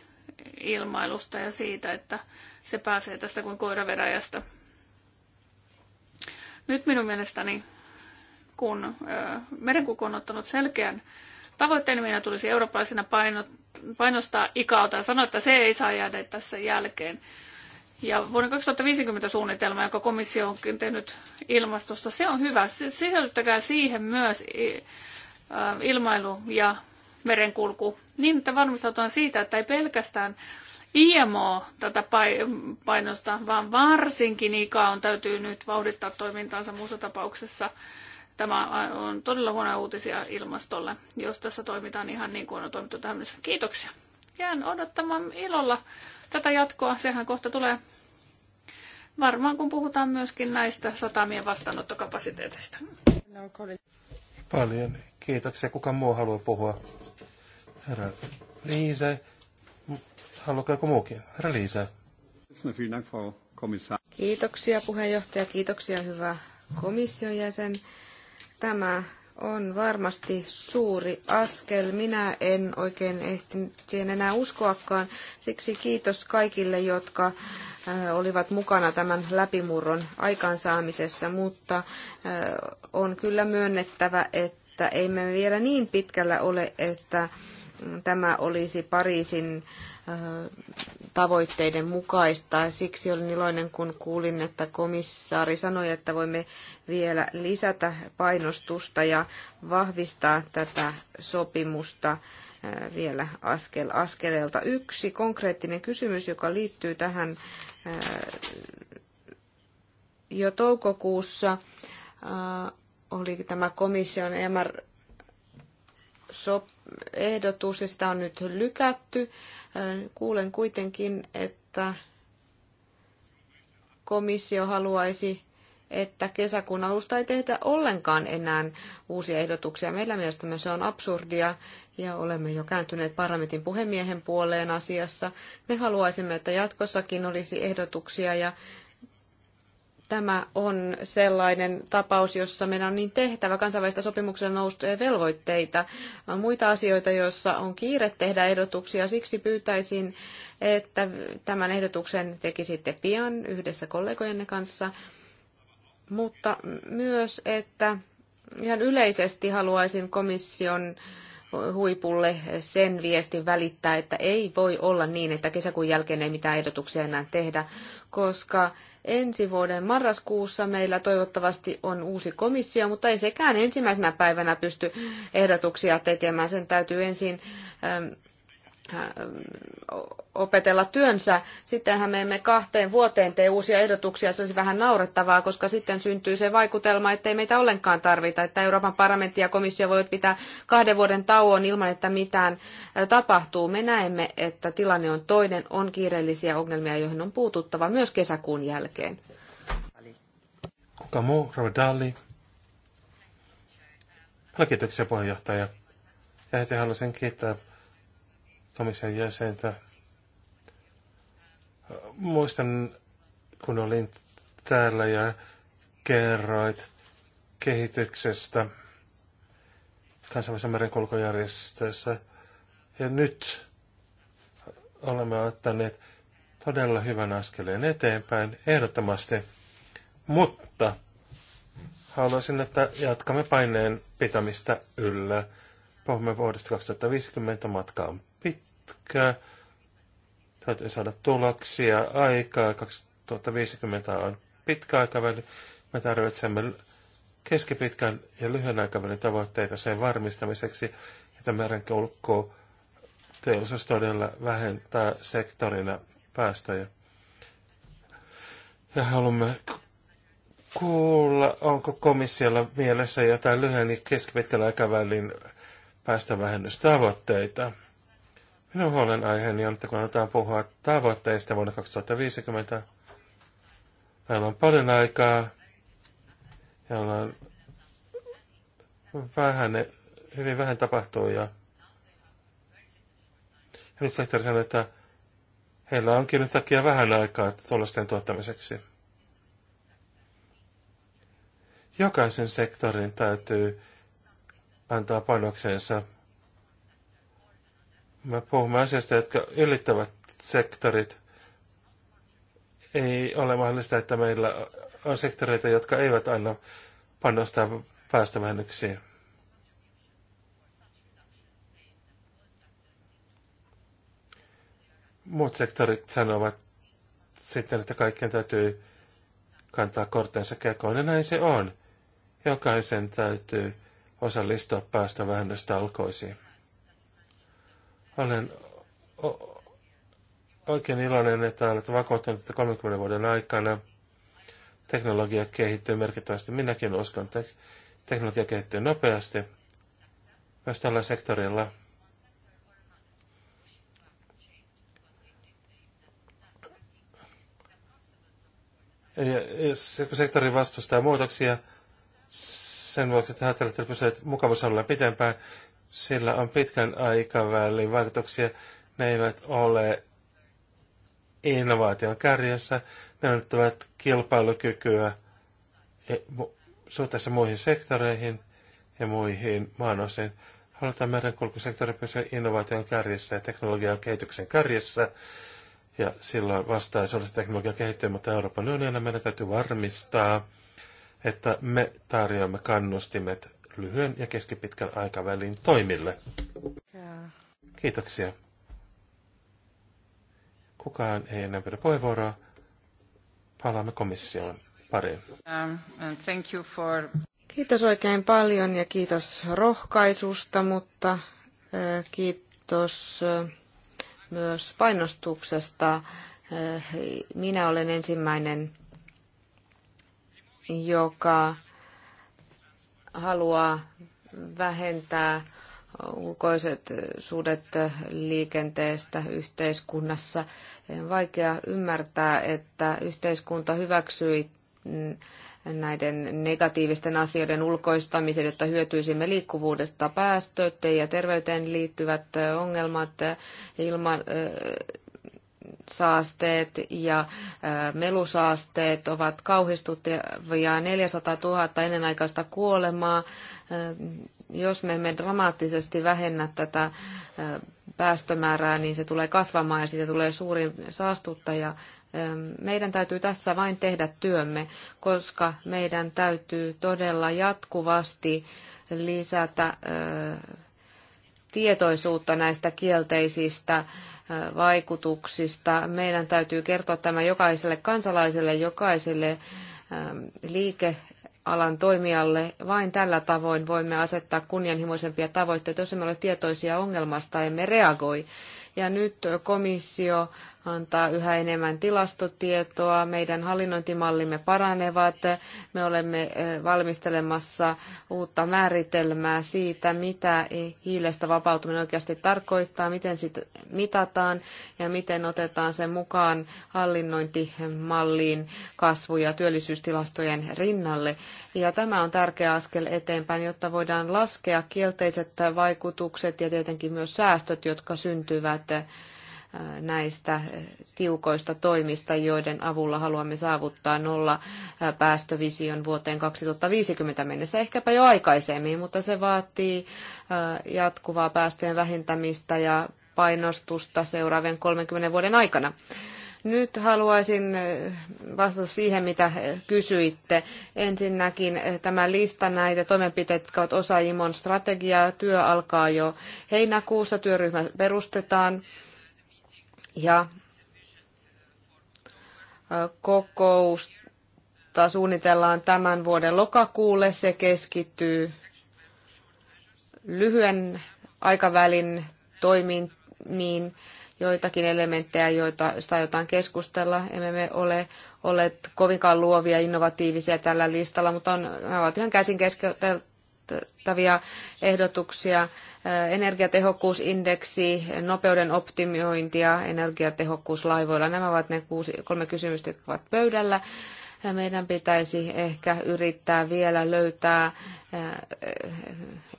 ilmailusta ja siitä, että se pääsee tästä kuin koiraveräjästä. Nyt minun mielestäni kun merenkuku on ottanut selkeän tavoitteen, minä niin tulisi eurooppalaisena painostaa ikaota ja sanoa, että se ei saa jäädä tässä jälkeen. Ja vuoden 2050 suunnitelma, joka komissio onkin tehnyt ilmastosta, se on hyvä. Sisällyttäkää siihen myös ilmailu ja merenkulku, niin että varmistaututaan siitä, että ei pelkästään IMO tätä painosta, vaan varsinkin on täytyy nyt vauhdittaa toimintaansa muussa tapauksessa – Tämä on todella huono uutisia ilmastolle, jos tässä toimitaan ihan niin kuin on toimittu tähän mennessä. Kiitoksia. Jään odottamaan ilolla tätä jatkoa. Sehän kohta tulee varmaan, kun puhutaan myöskin näistä satamien vastaanottokapasiteetista. Paljon kiitoksia. Kuka muu haluaa puhua? Herra Liise. Haluatko joku muukin? Herra Liise. Kiitoksia puheenjohtaja, kiitoksia hyvä komission jäsen. Tämä on varmasti suuri askel. Minä en oikein ehtinyt siihen enää uskoakaan. Siksi kiitos kaikille, jotka äh, olivat mukana tämän läpimurron aikaansaamisessa, mutta äh, on kyllä myönnettävä, että emme vielä niin pitkällä ole, että mm, tämä olisi Pariisin Äh, tavoitteiden mukaista. Siksi olin iloinen, kun kuulin, että komissaari sanoi, että voimme vielä lisätä painostusta ja vahvistaa tätä sopimusta äh, vielä askel askeleelta. Yksi konkreettinen kysymys, joka liittyy tähän äh, jo toukokuussa, oli tämä komission MR-ehdotus, ja sitä on nyt lykätty Äh, kuulen kuitenkin, että komissio haluaisi että kesäkuun alusta ei tehdä ollenkaan enää uusia ehdotuksia. Meillä mielestämme se on absurdia ja olemme jo kääntyneet parlamentin puhemiehen puoleen asiassa. Me haluaisimme, että jatkossakin olisi ehdotuksia ja tämä on sellainen tapaus, jossa meidän on niin tehtävä kansainvälistä sopimuksella nousee velvoitteita. On muita asioita, joissa on kiire tehdä ehdotuksia. Siksi pyytäisin, että tämän ehdotuksen tekisitte pian yhdessä kollegojenne kanssa. Mutta myös, että ihan yleisesti haluaisin komission huipulle sen viestin välittää, että ei voi olla niin, että kesäkuun jälkeen ei mitään ehdotuksia enää tehdä, koska Ensi vuoden marraskuussa meillä toivottavasti on uusi komissio, mutta ei sekään ensimmäisenä päivänä pysty ehdotuksia tekemään. Sen täytyy ensin ähm, opetella työnsä. Sittenhän me emme kahteen vuoteen tee uusia ehdotuksia, se olisi vähän naurettavaa, koska sitten syntyy se vaikutelma, ettei meitä ollenkaan tarvita, että Euroopan parlamentti ja komissio voivat pitää kahden vuoden tauon ilman, että mitään tapahtuu. Me näemme, että tilanne on toinen, on kiireellisiä ongelmia, joihin on puututtava myös kesäkuun jälkeen. Kuka muu? Rodali. Kiitoksia puheenjohtaja. Ja heti haluaisin kiittää komission jäsentä. Muistan, kun olin täällä ja kerroit kehityksestä kansainvälisen merenkulkujärjestössä. Ja nyt olemme ottaneet todella hyvän askeleen eteenpäin, ehdottomasti. Mutta haluaisin, että jatkamme paineen pitämistä yllä. Puhumme vuodesta 2050 matkaan pitkä. Täytyy saada tuloksia aikaa. 2050 on pitkä aikaväli. Me tarvitsemme keskipitkän ja lyhyen aikavälin tavoitteita sen varmistamiseksi, että kulkuu teollisuus todella vähentää sektorina päästöjä. Ja haluamme kuulla, onko komissiolla mielessä jotain lyhyen ja keskipitkän aikavälin päästövähennystavoitteita. Minun huolenaiheeni on, että kun aletaan puhua tavoitteista vuonna 2050, meillä on paljon aikaa, on vähän, hyvin vähän tapahtuu. Ja nyt Sehtori sanoi, että heillä onkin nyt takia vähän aikaa tulosten tuottamiseksi. Jokaisen sektorin täytyy antaa panoksensa me puhumme asioista, jotka ylittävät sektorit. Ei ole mahdollista, että meillä on sektoreita, jotka eivät aina panosta päästövähennyksiin. Muut sektorit sanovat sitten, että kaikkien täytyy kantaa kortensa kekoon, ja näin se on. Jokaisen täytyy osallistua päästövähennystalkoisiin. Olen oikein iloinen, että olet vakuuttanut, että 30 vuoden aikana teknologia kehittyy merkittävästi. Minäkin uskon, että teknologia kehittyy nopeasti myös tällä sektorilla. Ja jos sektori vastustaa muutoksia sen vuoksi, että ajattelette, että pysyvät mukavuusalueella pitempään, sillä on pitkän aikavälin vaikutuksia. Ne eivät ole innovaation kärjessä, ne ovat kilpailukykyä e, suhteessa muihin sektoreihin ja muihin maanosiin. Halutaan merenkulkusektori pysyä innovaation kärjessä ja teknologian kehityksen kärjessä. Ja silloin vastaisuudessa teknologia kehittyy, mutta Euroopan unionina meidän täytyy varmistaa, että me tarjoamme kannustimet lyhyen ja keskipitkän aikavälin toimille. Kiitoksia. Kukaan ei enää pidä puheenvuoroa. Palaamme komission pariin. Um, kiitos oikein paljon ja kiitos rohkaisusta, mutta kiitos myös painostuksesta. Minä olen ensimmäinen, joka haluaa vähentää ulkoiset suudet liikenteestä yhteiskunnassa. On vaikea ymmärtää, että yhteiskunta hyväksyi mm, näiden negatiivisten asioiden ulkoistamisen, jotta hyötyisimme liikkuvuudesta päästöt ja terveyteen liittyvät ongelmat, ilman saasteet ja melusaasteet ovat kauhistuttavia 400 000 ennenaikaista kuolemaa. Jos me emme dramaattisesti vähennä tätä päästömäärää, niin se tulee kasvamaan ja siitä tulee suurin saastuttaja. Meidän täytyy tässä vain tehdä työmme, koska meidän täytyy todella jatkuvasti lisätä tietoisuutta näistä kielteisistä vaikutuksista. Meidän täytyy kertoa tämä jokaiselle kansalaiselle, jokaiselle liikealan toimijalle. Vain tällä tavoin voimme asettaa kunnianhimoisempia tavoitteita. Jos emme ole tietoisia ongelmasta, emme reagoi. Ja nyt komissio antaa yhä enemmän tilastotietoa, meidän hallinnointimallimme paranevat, me olemme eh, valmistelemassa uutta määritelmää siitä, mitä hiilestä vapautuminen oikeasti tarkoittaa, miten sitä mitataan ja miten otetaan sen mukaan hallinnointimalliin kasvu- ja työllisyystilastojen rinnalle. Ja tämä on tärkeä askel eteenpäin, jotta voidaan laskea kielteiset vaikutukset ja tietenkin myös säästöt, jotka syntyvät näistä tiukoista toimista, joiden avulla haluamme saavuttaa nolla päästövision vuoteen 2050 mennessä, ehkäpä jo aikaisemmin, mutta se vaatii jatkuvaa päästöjen vähentämistä ja painostusta seuraavien 30 vuoden aikana. Nyt haluaisin vastata siihen, mitä kysyitte. Ensinnäkin tämä lista näitä toimenpiteitä, jotka ovat osa IMON strategiaa. Työ alkaa jo heinäkuussa, työryhmä perustetaan ja kokousta suunnitellaan tämän vuoden lokakuulle. Se keskittyy lyhyen aikavälin toimiin joitakin elementtejä, joita, josta jotain keskustella. Emme me ole olleet kovinkaan luovia, innovatiivisia tällä listalla, mutta on, nämä ovat ihan käsin keskusteltavia ehdotuksia energiatehokkuusindeksi, nopeuden optimointi ja energiatehokkuus laivoilla. Nämä ovat ne kolme kysymystä, jotka ovat pöydällä. Meidän pitäisi ehkä yrittää vielä löytää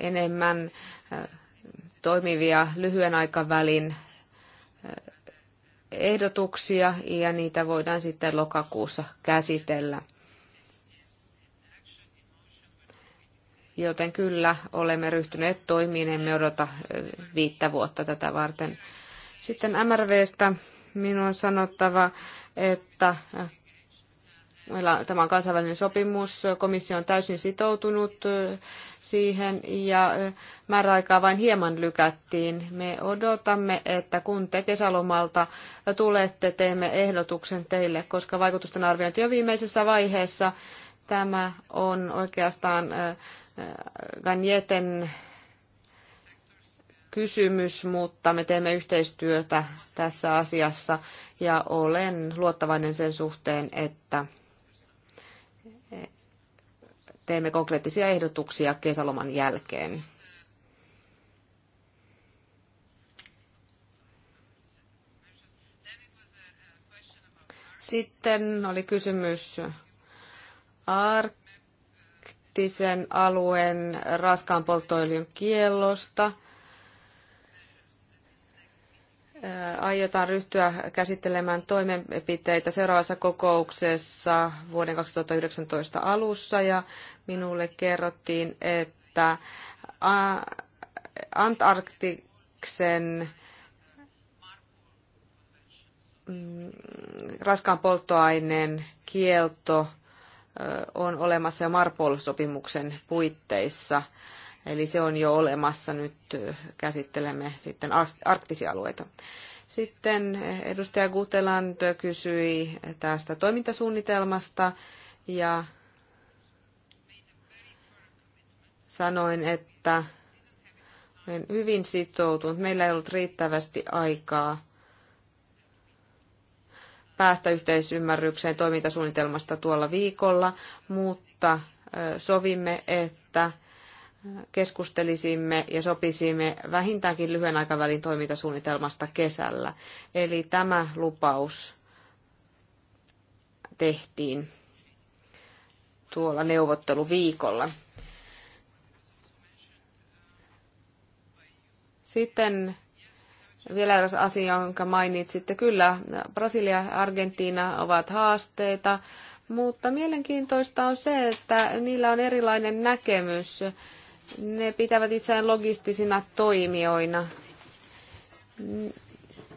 enemmän toimivia lyhyen aikavälin ehdotuksia ja niitä voidaan sitten lokakuussa käsitellä. joten kyllä olemme ryhtyneet toimiin, emme odota viittä vuotta tätä varten. Sitten MRVstä minun on sanottava, että meillä tämä kansainvälinen sopimus, komissio on täysin sitoutunut siihen ja määräaikaa vain hieman lykättiin. Me odotamme, että kun te kesälomalta tulette, teemme ehdotuksen teille, koska vaikutusten arviointi on viimeisessä vaiheessa. Tämä on oikeastaan Ganjeten kysymys, mutta me teemme yhteistyötä tässä asiassa ja olen luottavainen sen suhteen, että teemme konkreettisia ehdotuksia kesäloman jälkeen. Sitten oli kysymys Ark arktisen alueen raskaan polttoöljyn kiellosta. Aiotaan ryhtyä käsittelemään toimenpiteitä seuraavassa kokouksessa vuoden 2019 alussa ja minulle kerrottiin, että Antarktiksen mm, raskaan polttoaineen kielto on olemassa jo Marpol-sopimuksen puitteissa. Eli se on jo olemassa, nyt käsittelemme sitten arktisia alueita. Sitten edustaja Guteland kysyi tästä toimintasuunnitelmasta ja sanoin, että olen hyvin sitoutunut. Meillä ei ollut riittävästi aikaa päästä yhteisymmärrykseen toimintasuunnitelmasta tuolla viikolla, mutta sovimme, että keskustelisimme ja sopisimme vähintäänkin lyhyen aikavälin toimintasuunnitelmasta kesällä. Eli tämä lupaus tehtiin tuolla neuvotteluviikolla. Sitten vielä eräs asia, jonka mainitsitte. Kyllä, Brasilia ja Argentiina ovat haasteita, mutta mielenkiintoista on se, että niillä on erilainen näkemys. Ne pitävät itseään logistisina toimijoina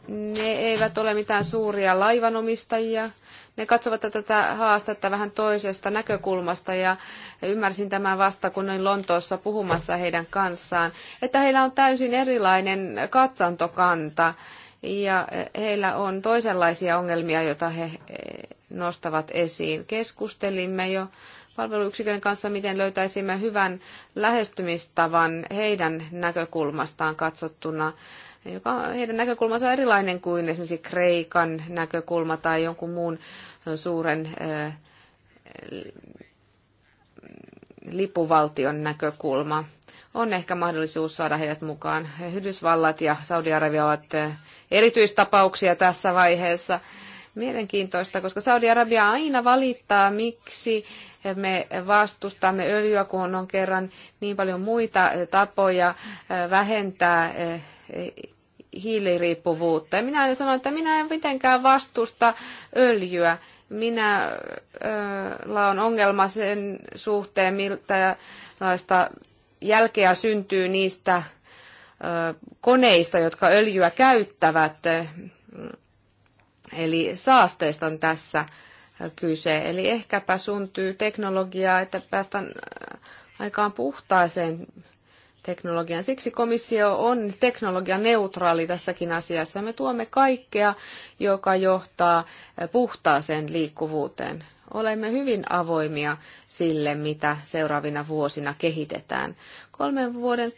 ne eivät ole mitään suuria laivanomistajia. Ne katsovat tätä haastetta vähän toisesta näkökulmasta ja ymmärsin tämän vasta, kun olin Lontoossa puhumassa heidän kanssaan, että heillä on täysin erilainen katsantokanta ja heillä on toisenlaisia ongelmia, joita he nostavat esiin. Keskustelimme jo palveluyksikön kanssa, miten löytäisimme hyvän lähestymistavan heidän näkökulmastaan katsottuna joka heidän näkökulmansa on erilainen kuin esimerkiksi Kreikan näkökulma tai jonkun muun suuren lipuvaltion näkökulma. On ehkä mahdollisuus saada heidät mukaan. Yhdysvallat ja Saudi-Arabia ovat erityistapauksia tässä vaiheessa. Mielenkiintoista, koska Saudi-Arabia aina valittaa, miksi me vastustamme öljyä, kun on kerran niin paljon muita tapoja vähentää hiiliriippuvuutta. Ja minä aina sanoin, että minä en mitenkään vastusta öljyä. Minä äh, on ongelma sen suhteen, miltä jälkeä syntyy niistä äh, koneista, jotka öljyä käyttävät. Eli saasteista on tässä kyse. Eli ehkäpä syntyy teknologiaa, että päästään aikaan puhtaaseen teknologian. Siksi komissio on teknologianeutraali tässäkin asiassa. Me tuomme kaikkea, joka johtaa puhtaaseen liikkuvuuteen. Olemme hyvin avoimia sille, mitä seuraavina vuosina kehitetään. Kolmen vuoden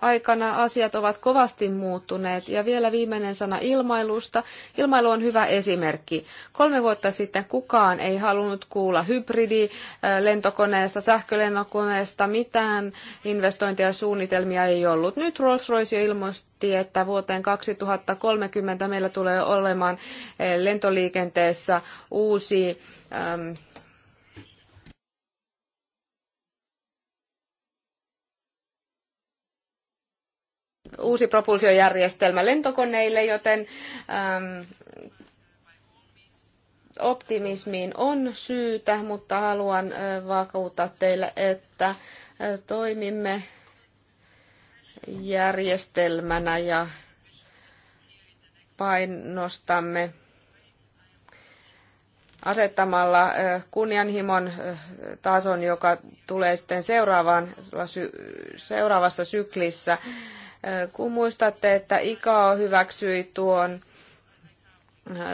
aikana asiat ovat kovasti muuttuneet. Ja vielä viimeinen sana ilmailusta. Ilmailu on hyvä esimerkki. Kolme vuotta sitten kukaan ei halunnut kuulla hybridilentokoneesta, sähkölentokoneesta, mitään investointia ja suunnitelmia ei ollut. Nyt Rolls-Royce jo ilmoitti, että vuoteen 2030 meillä tulee olemaan lentoliikenteessä uusi ähm, uusi propulsiojärjestelmä lentokoneille, joten äm, optimismiin on syytä, mutta haluan äh, vakuuttaa teille, että äh, toimimme järjestelmänä ja painostamme asettamalla äh, kunnianhimon tason, joka tulee sitten seuraavassa syklissä kun muistatte, että ICAO hyväksyi tuon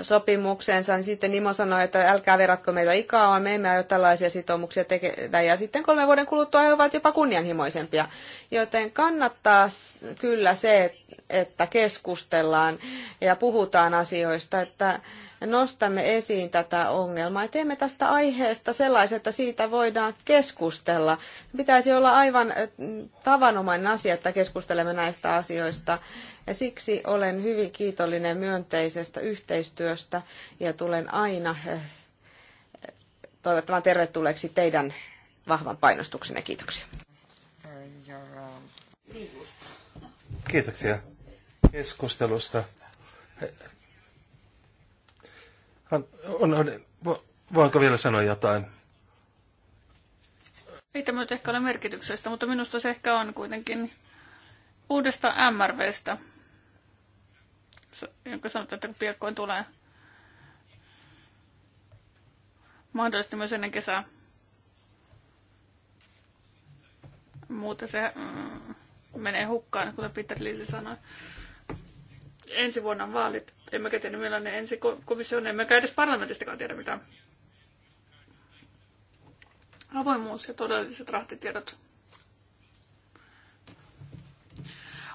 sopimuksensa, niin sitten Nimo sanoi, että älkää verratko meitä ikaa, me emme aio tällaisia sitoumuksia tehdä. Ja sitten kolmen vuoden kuluttua he ovat jopa kunnianhimoisempia. Joten kannattaa kyllä se, että keskustellaan ja puhutaan asioista, että nostamme esiin tätä ongelmaa ja teemme tästä aiheesta sellaisen, että siitä voidaan keskustella. Pitäisi olla aivan äh, tavanomainen asia, että keskustelemme näistä asioista. Ja siksi olen hyvin kiitollinen myönteisestä yhteistyöstä ja tulen aina äh, toivottavan tervetulleeksi teidän vahvan painostuksenne. Kiitoksia. Kiitoksia keskustelusta on, on, voinko vielä sanoa jotain? Ei tämä nyt ehkä ole merkityksestä, mutta minusta se ehkä on kuitenkin uudesta MRVstä, jonka sanotaan, että piakkoin tulee mahdollisesti myös ennen kesää. Muuten se mm, menee hukkaan, kuten Peter Liisi sanoi ensi vuonna on vaalit. Emmekä tiedä millainen ensi komissio on, emmekä edes parlamentistakaan tiedä mitään. Avoimuus ja todelliset rahtitiedot.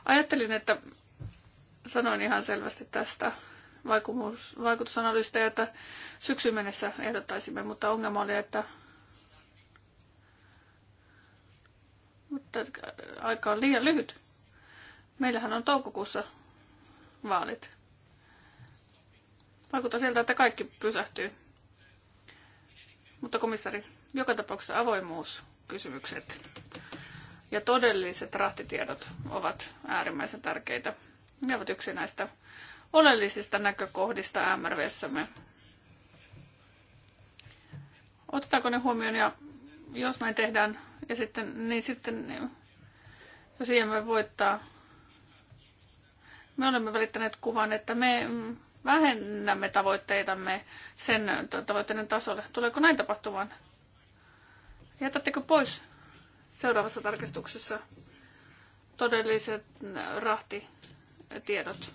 Ajattelin, että sanoin ihan selvästi tästä vaikutusanalyysistä, että syksyyn mennessä ehdottaisimme, mutta ongelma oli, että mutta aika on liian lyhyt. Meillähän on toukokuussa vaalit. Vaikuttaa siltä, että kaikki pysähtyy. Mutta komissari, joka tapauksessa avoimuuskysymykset ja todelliset rahtitiedot ovat äärimmäisen tärkeitä. Ne ovat yksi näistä oleellisista näkökohdista MRVssämme. Otetaanko ne huomioon ja jos näin tehdään, ja sitten, niin sitten jos IMV voittaa me olemme välittäneet kuvan, että me vähennämme tavoitteitamme sen tavoitteiden tasolle. Tuleeko näin tapahtumaan? Jätättekö pois seuraavassa tarkistuksessa todelliset rahtitiedot?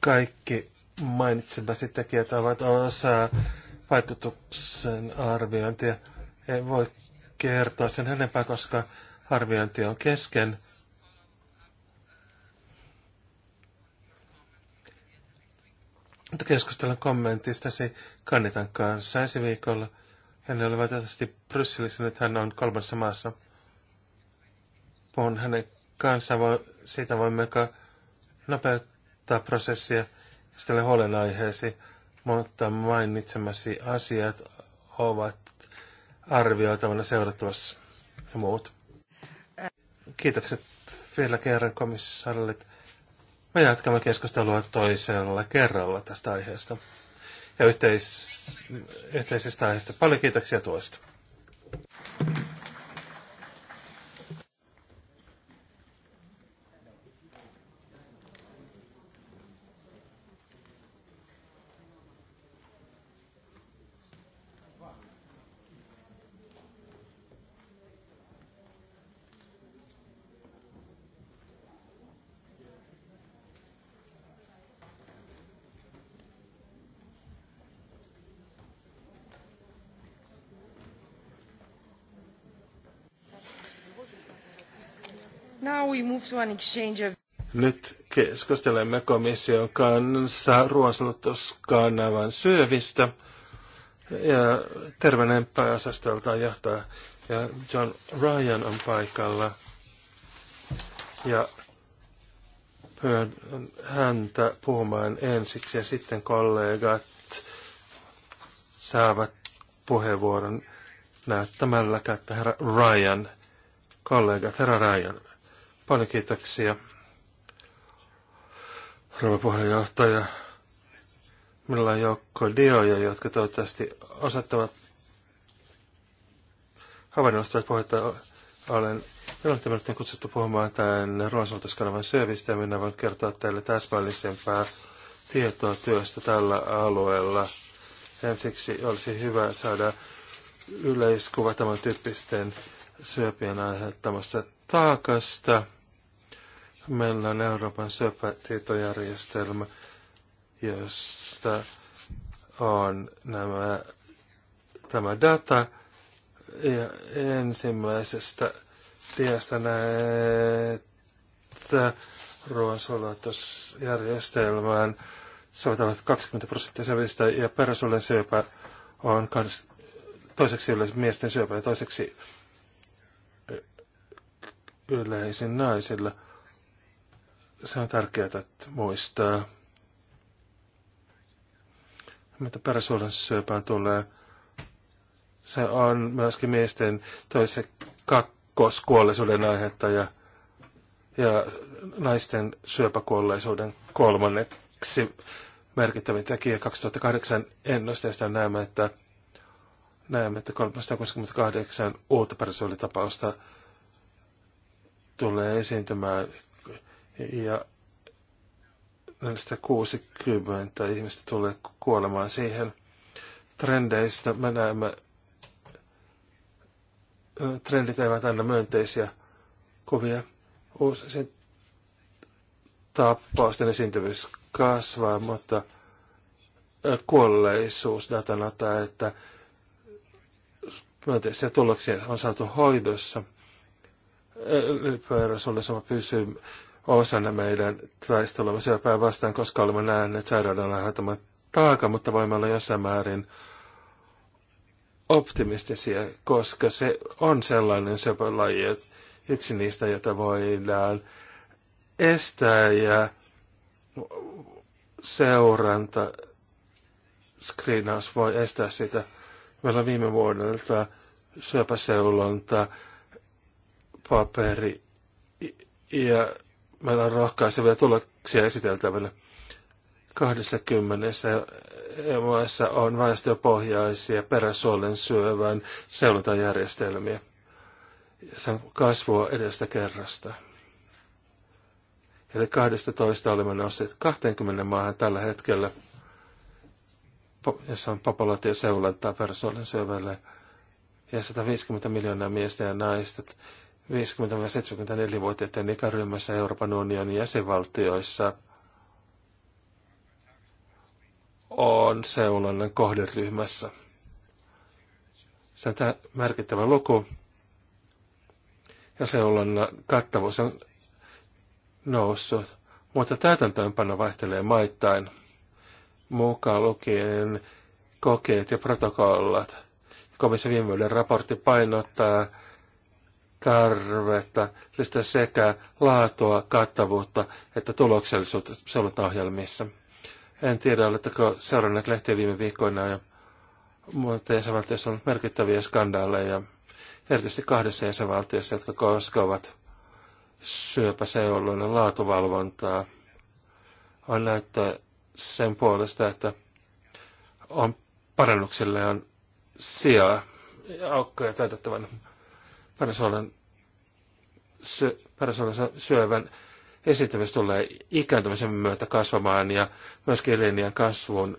Kaikki mainitsemasi tekijät ovat osa vaikutuksen arviointia. En voi kertoa sen enempää, koska arviointi on kesken. Mutta keskustelen kommentistasi Kannitan kanssa ensi viikolla. Hän oli valitettavasti Brysselissä, nyt hän on kolmessa maassa. Puhun hänen kanssaan, voi, siitä voimme nopeuttaa prosessia sitten huolenaiheesi, mutta mainitsemasi asiat ovat arvioitavana seurattavassa ja muut. Kiitokset vielä kerran komissaarille me jatkamme keskustelua toisella kerralla tästä aiheesta ja yhteis- yhteisestä aiheesta. Paljon kiitoksia tuosta. Nyt keskustelemme komission kanssa ruoansalutuskanavan syövistä. Ja terveinen pääosastolta johtaa ja John Ryan on paikalla. Ja pyydän häntä puhumaan ensiksi ja sitten kollegat saavat puheenvuoron näyttämällä kättä herra Ryan. Kollegat, herra Ryan. Paljon kiitoksia, rouva puheenjohtaja. Minulla on joukko dioja, jotka toivottavasti osattavat havainnollistavat puhetta. Olen minuutin kutsuttu puhumaan tämän ruoansuunnistuskanavan syövistä ja minä voin kertoa teille täsmällisempää tietoa työstä tällä alueella. Ensiksi olisi hyvä saada yleiskuva tämän tyyppisten syöpien aiheuttamasta taakasta – Meillä on Euroopan syöpätietojärjestelmä, josta on nämä, tämä data. Ja ensimmäisestä tiestä näette ruoansulatusjärjestelmään soveltavat 20 prosenttia sävistä ja peräsuolen syöpä on kans, toiseksi yleisin miesten syöpä ja toiseksi yleisin naisilla – se on tärkeää että muistaa. Mitä peräsuolen syöpään tulee, se on myöskin miesten toisen kakkoskuolleisuuden aihetta ja, ja naisten syöpäkuolleisuuden kolmanneksi merkittävin tekijä. 2008 ennusteesta näemme, että näemme, että 368 uutta peräsuolitapausta tulee esiintymään ja näistä 60 ihmistä tulee kuolemaan siihen. Trendeistä me näemme, trendit eivät aina myönteisiä kuvia. Uusi tappausten esiintyvyys kasvaa, mutta kuolleisuus tai että myönteisiä tuloksia on saatu hoidossa. sama pysyy osana meidän taistelua syöpää vastaan, koska olemme nähneet sairauden aiheuttaman taaka, mutta voimme olla jossain määrin optimistisia, koska se on sellainen että yksi niistä, jota voidaan estää ja seuranta, screenaus voi estää sitä. Meillä on viime vuodelta syöpäseulonta, paperi ja meillä on rohkaisevia tuloksia esiteltävillä. 20 maassa on väestöpohjaisia peräsuolen syövän seulontajärjestelmiä. Sen kasvua edestä kerrasta. Eli 12 olemme nousseet 20 maahan tällä hetkellä, jossa on populaatio seulontaa peräsuolen syövälle ja 150 miljoonaa miestä ja naista 50-74-vuotiaiden ikäryhmässä Euroopan unionin jäsenvaltioissa on seulonnan kohderyhmässä. Se on tämä merkittävä luku. Ja seulonnan kattavuus on noussut, mutta täytäntöönpano vaihtelee maittain, mukaan lukien kokeet ja protokollat. Komissio viime raportti painottaa tarvetta lisätä sekä laatua, kattavuutta että tuloksellisuutta ohjelmissa. En tiedä, oletteko seuranneet lehtiä viime viikkoina, ja, mutta jäsenvaltiossa on merkittäviä skandaaleja, erityisesti kahdessa jäsenvaltiossa, jotka koskevat syöpäseuloinen laatuvalvontaa. On näyttää sen puolesta, että on parannuksille on sijaa ja aukkoja täytettävänä parasolan, sy, parasolan syövän esiintyvyys tulee ikääntymisen myötä kasvamaan ja myöskin linjan kasvun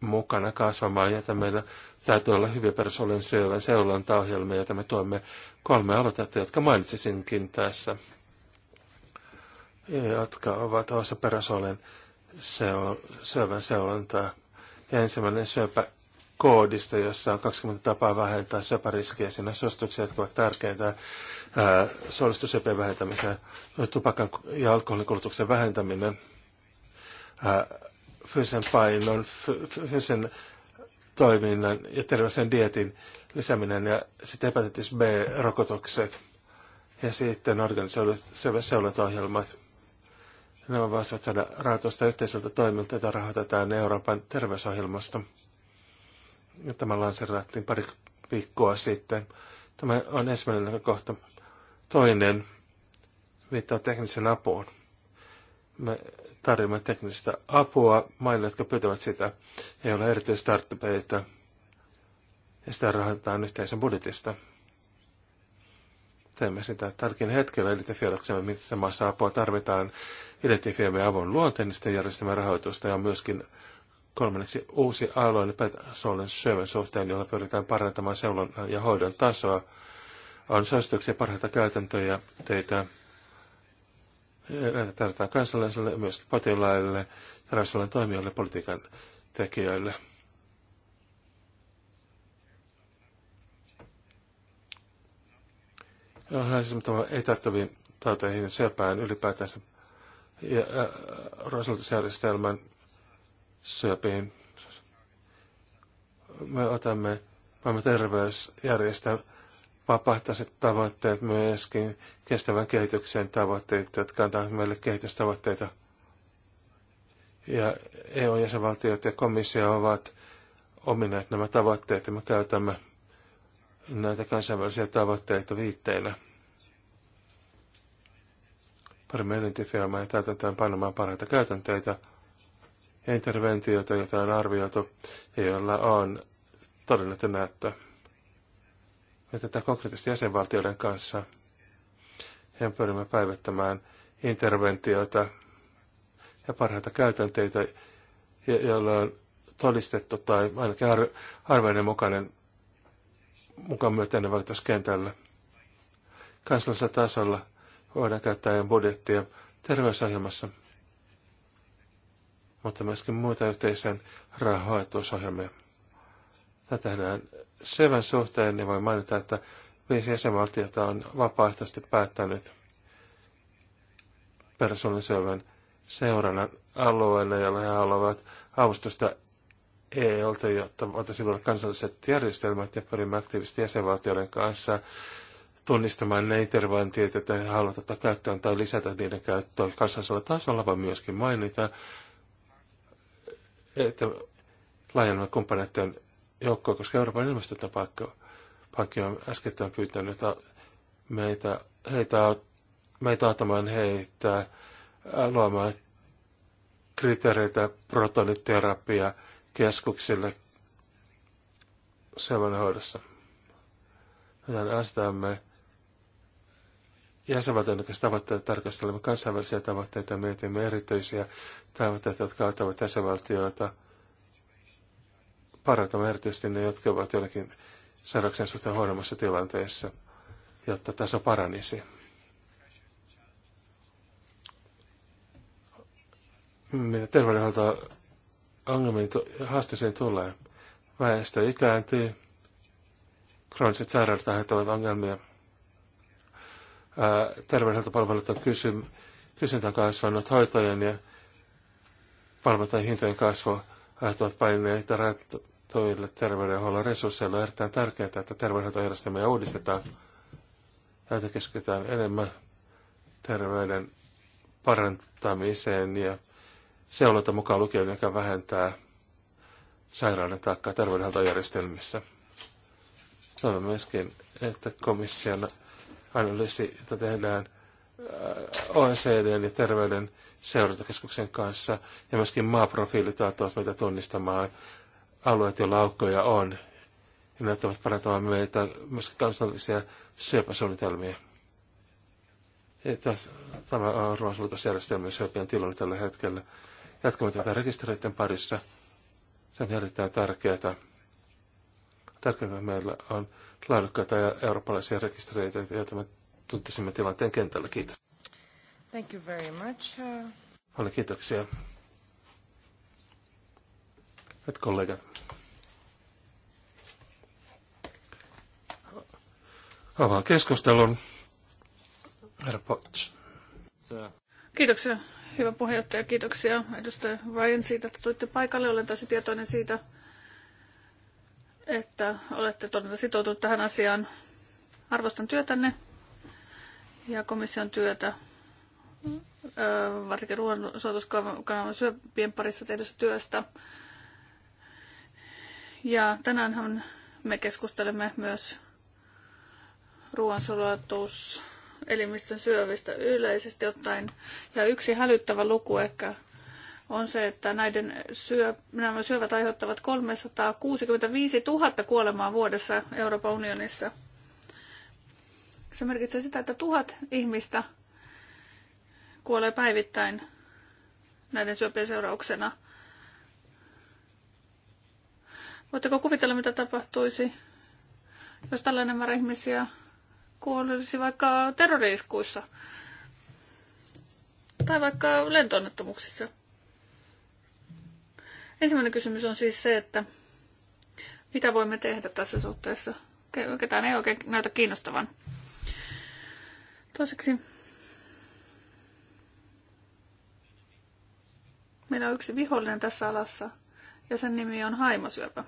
mukana kasvamaan, ja meillä täytyy olla hyvin persoonallinen syövän seulontaohjelma, jota me tuomme kolme aloitetta, jotka mainitsisinkin tässä, jotka ovat osa persoonallinen syövän seulontaa. Ja ensimmäinen syöpä koodista, jossa on 20 tapaa vähentää söpäriskejä. Siinä suosituksia, jotka ovat tärkeitä suolistusöpien vähentämiseen, tupakan ja alkoholin kulutuksen vähentäminen, ää, fyysisen painon, fyysisen toiminnan ja terveellisen dietin lisääminen ja sitten hepatitis B-rokotukset ja sitten organisoidut seulontaohjelmat. Nämä voisivat saada rahoitusta yhteiseltä toimilta, jota rahoitetaan Euroopan terveysohjelmasta tämä lanserattiin pari viikkoa sitten. Tämä on ensimmäinen kohta. Toinen viittaa teknisen apuun. Me tarjoamme teknistä apua maille, jotka pyytävät sitä, ei ole tarttupeita ja sitä rahoitetaan yhteisen budjetista. Teemme sitä tarkin hetkellä identifioidaksemme, missä maassa apua tarvitaan, identifioimme avun luonteen, niin järjestämme rahoitusta ja myöskin Kolmanneksi uusi aloille päätösolen syövän suhteen, jolla pyritään parantamaan seulon ja hoidon tasoa, on suosituksia parhaita käytäntöjä teitä. Näitä tarvitaan kansalaisille, myös potilaille, terveysalan toimijoille, politiikan tekijöille. Siis ei tarttuviin tauteihin ja syöpään ylipäätänsä ja, äh, ja ja syöpiin. Me otamme maailman terveysjärjestön vapahtaiset tavoitteet myöskin kestävän kehityksen tavoitteet, jotka antavat meille kehitystavoitteita. Ja EU-jäsenvaltiot ja komissio ovat omineet nämä tavoitteet ja me käytämme näitä kansainvälisiä tavoitteita viitteinä. Parimme identifioimaan ja täytäntöön panemaan parhaita käytänteitä – interventiota, jota on arvioitu ja on todennettu näyttö. tätä konkreettisesti jäsenvaltioiden kanssa ja pyrimme päivittämään interventioita ja parhaita käytänteitä, joilla on todistettu tai ainakin har- harvemmin mukainen mukaan myöten vaikutus kentällä. Kansallisella tasolla voidaan käyttää budjettia terveysohjelmassa – mutta myöskin muita yhteisön rahoitusohjelmia. Tätä tehdään Sevän suhteen, niin voi mainita, että viisi jäsenvaltiota on vapaaehtoisesti päättänyt persoonallisen seurannan alueelle, jolla he haluavat avustusta EU-ta, jotta voitaisiin luoda kansalliset järjestelmät ja pyrimme aktiivisesti jäsenvaltioiden kanssa tunnistamaan ne interventioita, joita he haluavat ottaa käyttöön tai lisätä niiden käyttöä kansallisella tasolla, vaan myöskin mainita, että laajennamme kumppaneiden joukkoa, koska Euroopan ilmastotapankki on äskettäin pyytänyt meitä, heitä, meitä auttamaan heitä luomaan kriteereitä protoniterapia keskuksille syövän hoidossa. Joten jäsenvaltion tavoitteita tarkastelemme kansainvälisiä tavoitteita, mietimme erityisiä tavoitteita, jotka auttavat jäsenvaltioita parantamaan erityisesti ne, jotka ovat jollakin sairauksien suhteen huonommassa tilanteessa, jotta taso paranisi. Meidän terveydenhuolto ongelmiin haasteeseen tulee? Väestö ikääntyy, krooniset sairaudet aiheuttavat ongelmia terveydenhuoltopalveluita kysym, kysyntä on kasvanut, hoitojen ja palveluiden hintojen kasvu aiheuttavat paineita rajoittuille terveydenhuollon resursseille. On erittäin tärkeää, että terveydenhuoltojärjestelmiä uudistetaan ja keskitytään enemmän terveyden parantamiseen ja seulonta mukaan lukien, joka vähentää sairauden taakkaa terveydenhuoltojärjestelmissä. Toivon myöskin, että komission analyysi, jota tehdään äh, OECD ja terveyden seurantakeskuksen kanssa ja myöskin maaprofiilit auttavat meitä tunnistamaan alueet, joilla aukkoja on. Ja ne auttavat parantamaan meitä myöskin kansallisia syöpäsuunnitelmia. Että tämä on ruoansuunnitelmasjärjestelmä syöpien tilanne tällä hetkellä. Jatkamme tätä rekistereiden parissa. Se on erittäin tärkeää. Tärkeintä meillä on laadukkaita ja eurooppalaisia rekistereitä, joita me tuntisimme tilanteen kentällä. Kiitos. Thank you very much. Uh, Paljon kiitoksia. Hyvät kollegat. Avaan keskustelun. Herra Potts. Kiitoksia, hyvä puheenjohtaja. Kiitoksia edustaja Ryan siitä, että tuitte paikalle. Olen tosi tietoinen siitä, että olette todella sitoutunut tähän asiaan. Arvostan työtänne ja komission työtä, varsinkin ruoansuotuskanavan syöpien parissa tehdystä työstä. Ja tänäänhän me keskustelemme myös ruoansuotus elimistön syövistä yleisesti ottaen. Ja yksi hälyttävä luku ehkä on se, että näiden syö, nämä syövät aiheuttavat 365 000 kuolemaa vuodessa Euroopan unionissa. Se merkitsee sitä, että tuhat ihmistä kuolee päivittäin näiden syöpien seurauksena. Voitteko kuvitella, mitä tapahtuisi, jos tällainen määrä ihmisiä kuolisi vaikka terroriiskuissa tai vaikka lentoonnettomuuksissa? Ensimmäinen kysymys on siis se, että mitä voimme tehdä tässä suhteessa. Ketään ei oikein näytä kiinnostavan. Toiseksi meillä on yksi vihollinen tässä alassa ja sen nimi on Haimasyöpä.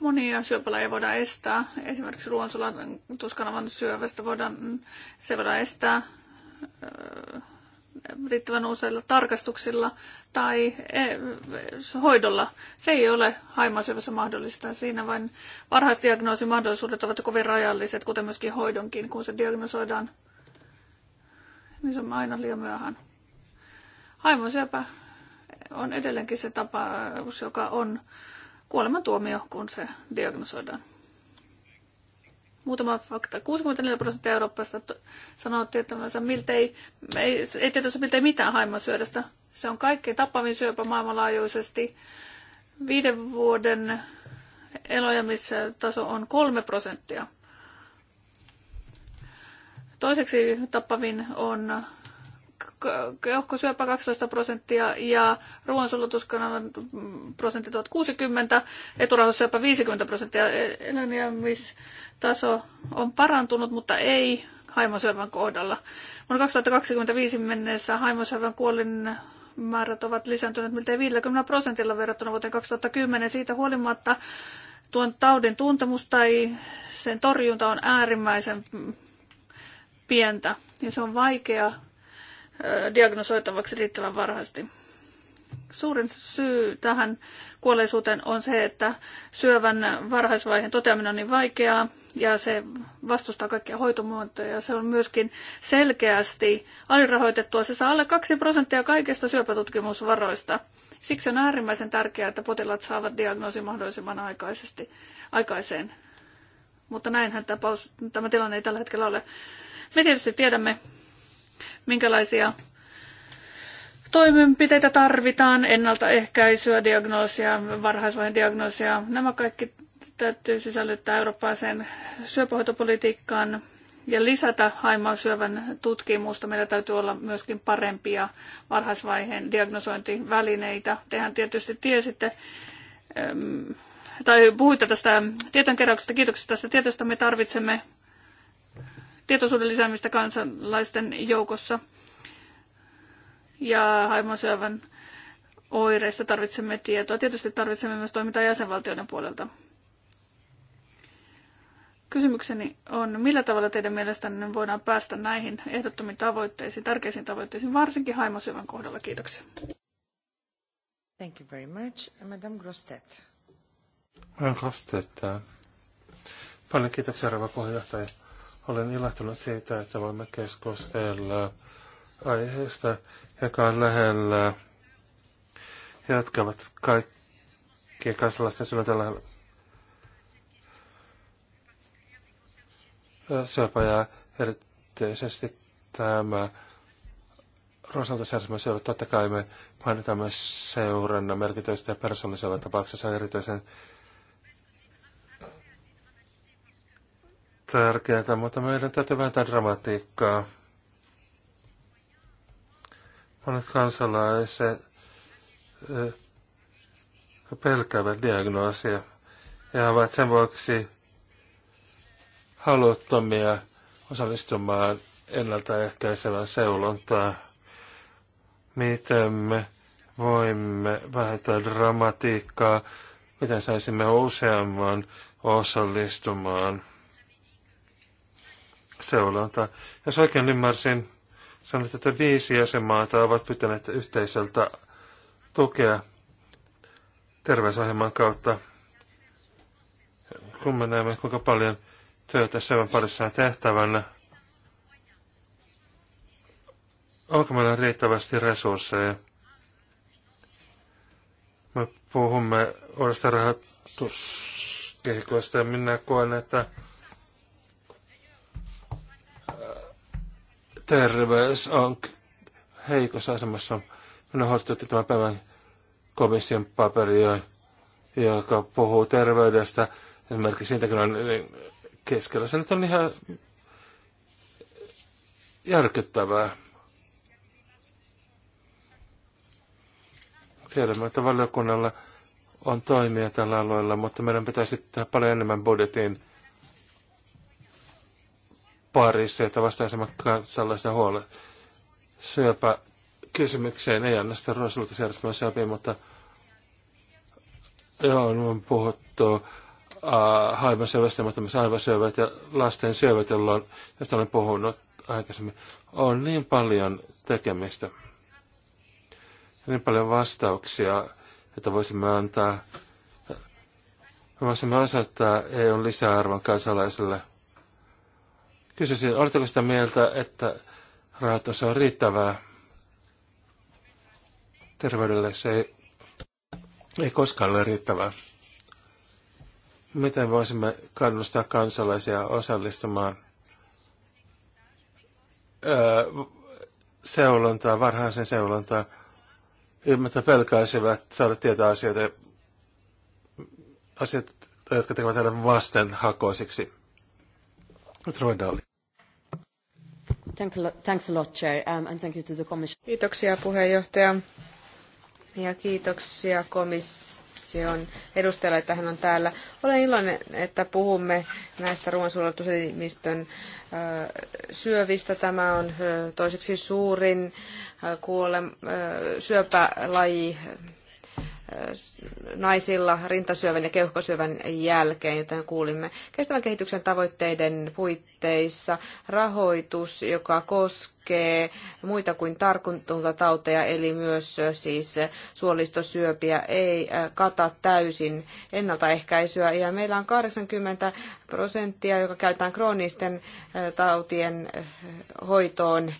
monia syöpälajeja voidaan estää. Esimerkiksi ruoansulatuskanavan syövästä voidaan, se voidaan estää riittävän useilla tarkastuksilla tai e, hoidolla. Se ei ole haimaisevassa mahdollista. Siinä vain varhaisdiagnoosin mahdollisuudet ovat kovin rajalliset, kuten myöskin hoidonkin, kun se diagnosoidaan. Niin se on aina liian myöhään. Haimasyöpä on edelleenkin se tapa, joka on kuolemantuomio, kun se diagnosoidaan. Muutama fakta. 64 prosenttia Euroopasta sanoo tietämänsä miltei, ei, ei tietysti miltei mitään haimasyödästä. Se on kaikkein tappavin syöpä maailmanlaajuisesti. Viiden vuoden taso on kolme prosenttia. Toiseksi tappavin on keuhkosyöpä 12 prosenttia ja ruoansulatuskanava prosentit ovat eturauhassyöpä 50 prosenttia. Eläniämistaso on parantunut, mutta ei haimosyövän kohdalla. Vuonna 2025 mennessä haimosyövän kuolin määrät ovat lisääntyneet miltei 50 prosentilla verrattuna vuoteen 2010. Siitä huolimatta tuon taudin tuntemus tai sen torjunta on äärimmäisen pientä ja se on vaikea diagnosoitavaksi riittävän varhaisesti. Suurin syy tähän kuolleisuuteen on se, että syövän varhaisvaiheen toteaminen on niin vaikeaa ja se vastustaa kaikkia hoitomuotoja. Se on myöskin selkeästi alirahoitettua. Se saa alle 2 prosenttia kaikista syöpätutkimusvaroista. Siksi on äärimmäisen tärkeää, että potilaat saavat diagnoosin mahdollisimman aikaisesti, aikaiseen. Mutta näinhän tapaus, tämä tilanne ei tällä hetkellä ole. Me tietysti tiedämme, minkälaisia toimenpiteitä tarvitaan, ennaltaehkäisyä, diagnoosia, varhaisvaiheen diagnoosia. Nämä kaikki täytyy sisällyttää eurooppalaiseen syöpähoitopolitiikkaan ja lisätä syövän tutkimusta. Meillä täytyy olla myöskin parempia varhaisvaiheen diagnosointivälineitä. Tehän tietysti tiesitte, tai puhuitte tästä tietojenkeräyksestä, kiitoksia tästä tiedosta. Me tarvitsemme tietoisuuden lisäämistä kansalaisten joukossa. Ja haimasyövän oireista tarvitsemme tietoa. Tietysti tarvitsemme myös toimintaa jäsenvaltioiden puolelta. Kysymykseni on, millä tavalla teidän mielestänne voidaan päästä näihin ehdottomiin tavoitteisiin, tärkeisiin tavoitteisiin, varsinkin haimasyövän kohdalla? Kiitoksia. Thank you very much. Madame Grostet. Madame Grostet. Äh, paljon kiitoksia, rouva puheenjohtaja. Olen ilahtunut siitä, että voimme keskustella aiheesta, joka on lähellä, jatkavat kaikki kansalaisten silloin tällä syöpä ja erityisesti tämä Rosalta seura. Totta kai me painetamme seurannan merkitystä ja persoonallisella tapauksessa erityisen tärkeää, mutta meidän täytyy vähentää dramatiikkaa. Monet kansalaiset eh, pelkäävät diagnoosia ja ovat sen vuoksi haluttomia osallistumaan ennaltaehkäisevään seulontaan. Miten me voimme vähentää dramatiikkaa, miten saisimme useamman osallistumaan seulonta. Jos oikein ymmärsin, sanoit, että viisi jäsenmaata ovat pyytäneet yhteiseltä tukea terveysohjelman kautta. Kun me näemme, kuinka paljon työtä seuran parissa on tehtävänä, onko meillä riittävästi resursseja? Me puhumme uudesta rahoituskehikosta ja minä koen, että terveys on heikossa asemassa. Minä huolestutti tämän päivän komission paperi, joka puhuu terveydestä. Esimerkiksi siitä, kun on niin keskellä. Se nyt on ihan järkyttävää. Tiedämme, että valiokunnalla on toimia tällä alueella, mutta meidän pitäisi tehdä paljon enemmän budjetin parissa, että vastaisemme kansalaisen huolen. Syöpä kysymykseen ei anna sitä ruoansulkuisjärjestelmää syöpiä, mutta joo, on puhuttu äh, haivasyövästä, mutta myös aivasyövät ja lasten syövät, jolloin, josta olen puhunut aikaisemmin, on niin paljon tekemistä. niin paljon vastauksia, että voisimme antaa, voisimme osoittaa EUn lisäarvon kansalaiselle – Kysyisin, oletteko sitä mieltä, että rahoitus on riittävää terveydelle? Se ei, ei koskaan ole riittävää. Miten voisimme kannustaa kansalaisia osallistumaan öö, seulontaa, varhaisen seulontaa, ilmettä pelkäisivät saada tietää asioita, asioita, jotka tekevät heidän vastenhakoisiksi? Um, kiitoksia puheenjohtaja ja kiitoksia komission edustajalle, että hän on täällä. Olen iloinen, että puhumme näistä ruoansuojelutuselimistön syövistä. Tämä on toiseksi suurin kuolem, syöpälaji naisilla rintasyövän ja keuhkosyövän jälkeen, joten kuulimme kestävän kehityksen tavoitteiden puitteissa rahoitus, joka koskee koskee muita kuin tartuntatauteja, eli myös siis suolistosyöpiä ei kata täysin ennaltaehkäisyä. Ja meillä on 80 prosenttia, joka käytetään kroonisten tautien hoitoon,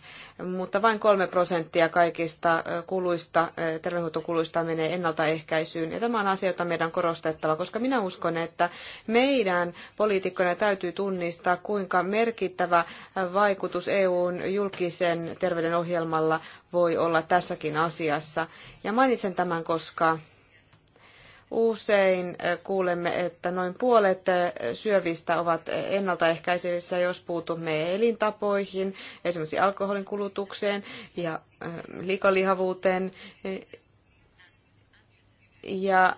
mutta vain kolme prosenttia kaikista kuluista, terveydenhuoltokuluista menee ennaltaehkäisyyn. Ja tämä on asia, jota meidän on korostettava, koska minä uskon, että meidän poliitikkoina täytyy tunnistaa, kuinka merkittävä vaikutus EUn julkis julkisen terveyden ohjelmalla voi olla tässäkin asiassa. Ja mainitsen tämän, koska usein kuulemme, että noin puolet syövistä ovat ennaltaehkäisevissä, jos puutumme elintapoihin, esimerkiksi alkoholin kulutukseen ja likalihavuuteen. Ja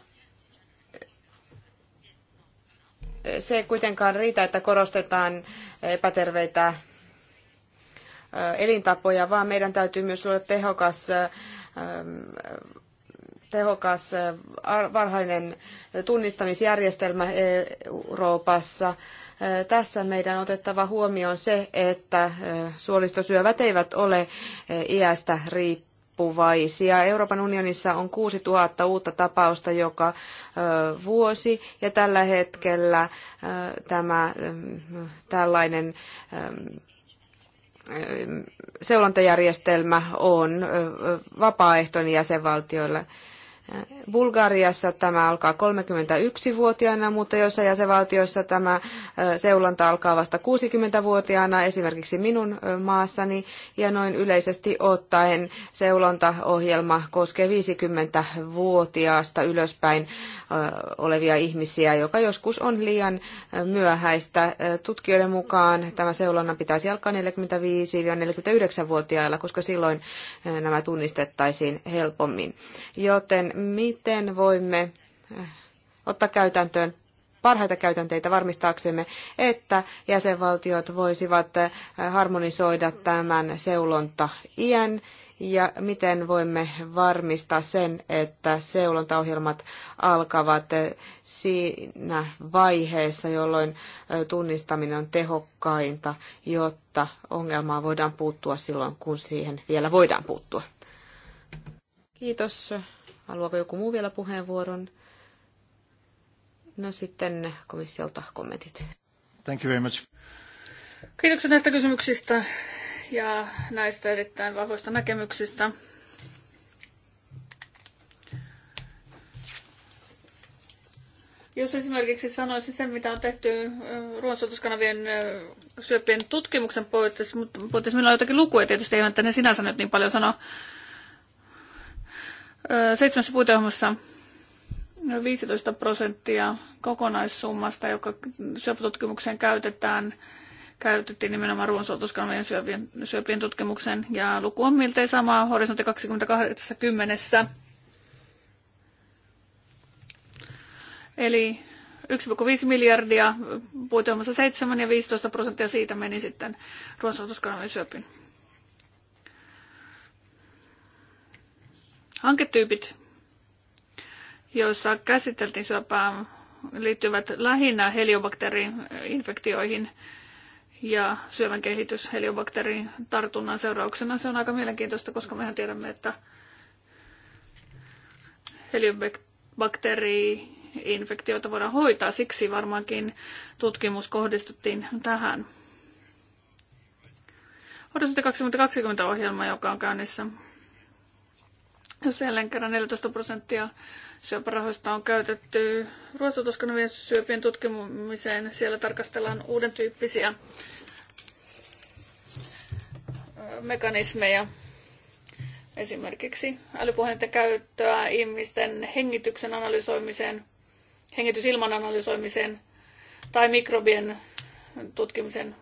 se ei kuitenkaan riitä, että korostetaan epäterveitä elintapoja, vaan meidän täytyy myös luoda tehokas tehokas varhainen tunnistamisjärjestelmä Euroopassa. Tässä meidän on otettava huomioon se, että suolistosyövät eivät ole iästä riippuvaisia. Euroopan unionissa on 6000 uutta tapausta joka vuosi ja tällä hetkellä tämä tällainen seulontajärjestelmä on vapaaehtoinen jäsenvaltioille. Bulgariassa tämä alkaa 31-vuotiaana, mutta jossain jäsenvaltioissa tämä seulonta alkaa vasta 60-vuotiaana, esimerkiksi minun maassani, ja noin yleisesti ottaen seulontaohjelma koskee 50-vuotiaasta ylöspäin olevia ihmisiä, joka joskus on liian myöhäistä. Tutkijoiden mukaan tämä seulonnan pitäisi alkaa 45-49-vuotiailla, koska silloin nämä tunnistettaisiin helpommin. Joten miten voimme äh, ottaa käytäntöön parhaita käytänteitä varmistaaksemme, että jäsenvaltiot voisivat äh, harmonisoida tämän seulonta iän ja miten voimme varmistaa sen, että seulontaohjelmat alkavat äh, siinä vaiheessa, jolloin tunnistaminen on tehokkainta, jotta ongelmaan voidaan puuttua silloin, kun siihen vielä voidaan puuttua. Kiitos Haluaako joku muu vielä puheenvuoron? No sitten komissiolta kommentit. Thank you very much. Kiitoksia näistä kysymyksistä ja näistä erittäin vahvoista näkemyksistä. Jos esimerkiksi sanoisin sen, mitä on tehty ruoansuotuskanavien syöpien tutkimuksen puitteissa, mutta puitteissa meillä on jotakin lukuja, tietysti ei että ne sinänsä nyt niin paljon sano, seitsemässä puiteohjelmassa 15 prosenttia kokonaissummasta, joka syöpätutkimukseen käytetään, käytettiin nimenomaan ruoansuotuskanavien syöpien, syöpien tutkimukseen. Ja luku on miltei sama horisontti 2080. Eli 1,5 miljardia, puiteohjelmassa 7 ja 15 prosenttia siitä meni sitten ruoansuotuskanavien syöpien Hanketyypit, joissa käsiteltiin syöpää, liittyvät lähinnä heliobakteerin infektioihin ja syövän kehitys heliobakteerin tartunnan seurauksena. Se on aika mielenkiintoista, koska mehän tiedämme, että heliobakteeri-infektioita voidaan hoitaa. Siksi varmaankin tutkimus kohdistuttiin tähän. Horisontti 2020 ohjelma, joka on käynnissä, jos jälleen kerran 14 prosenttia syöpärahoista on käytetty ruoantuotoskanavien syöpien tutkimiseen, siellä tarkastellaan uuden tyyppisiä mekanismeja, esimerkiksi älypuhelinten käyttöä ihmisten hengityksen analysoimiseen, hengitysilman analysoimiseen tai mikrobien tutkimisen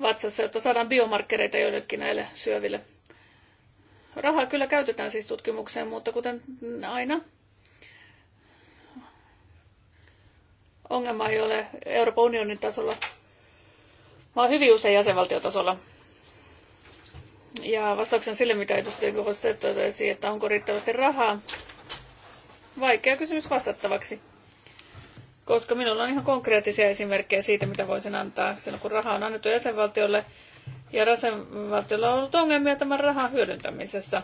vatsassa, jotta saadaan biomarkkereita joillekin näille syöville Rahaa kyllä käytetään siis tutkimukseen, mutta kuten aina, ongelma ei ole Euroopan unionin tasolla, vaan hyvin usein jäsenvaltiotasolla. Ja vastauksen sille, mitä edustaja Kohosteet totesi, että onko riittävästi rahaa, vaikea kysymys vastattavaksi. Koska minulla on ihan konkreettisia esimerkkejä siitä, mitä voisin antaa. Sen kun rahaa on annettu jäsenvaltiolle, ja jäsenvaltiolla on ollut ongelmia tämän rahan hyödyntämisessä.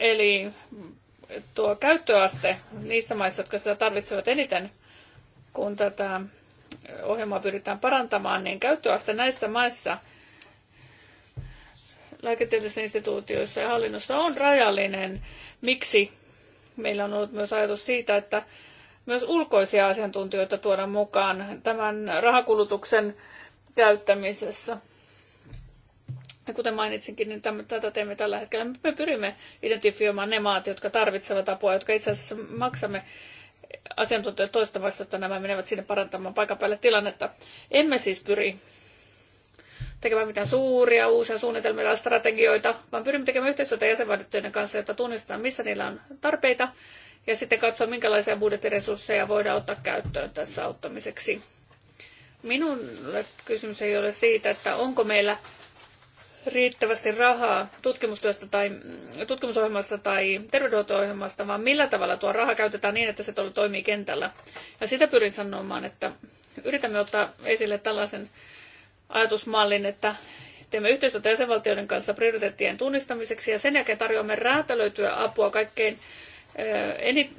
Eli tuo käyttöaste niissä maissa, jotka sitä tarvitsevat eniten, kun tätä ohjelmaa pyritään parantamaan, niin käyttöaste näissä maissa lääketieteellisissä instituutioissa ja hallinnossa on rajallinen. Miksi? Meillä on ollut myös ajatus siitä, että myös ulkoisia asiantuntijoita tuodaan mukaan tämän rahakulutuksen käyttämisessä. Ja kuten mainitsinkin, niin tämän, tätä teemme tällä hetkellä. Me pyrimme identifioimaan ne maat, jotka tarvitsevat apua, jotka itse asiassa maksamme asiantuntijat toista vasta, että nämä menevät sinne parantamaan paikan päälle tilannetta. Emme siis pyri tekemään mitään suuria uusia suunnitelmia tai strategioita, vaan pyrimme tekemään yhteistyötä jäsenvaltioiden kanssa, jotta tunnistetaan, missä niillä on tarpeita, ja sitten katsoa, minkälaisia budjettiresursseja voidaan ottaa käyttöön tässä auttamiseksi. Minulle kysymys ei ole siitä, että onko meillä riittävästi rahaa tutkimustyöstä tai mm, tutkimusohjelmasta tai terveydenhuolto-ohjelmasta, vaan millä tavalla tuo raha käytetään niin, että se toimii kentällä. Ja sitä pyrin sanomaan, että yritämme ottaa esille tällaisen ajatusmallin, että teemme yhteistyötä jäsenvaltioiden kanssa prioriteettien tunnistamiseksi ja sen jälkeen tarjoamme räätälöityä apua kaikkein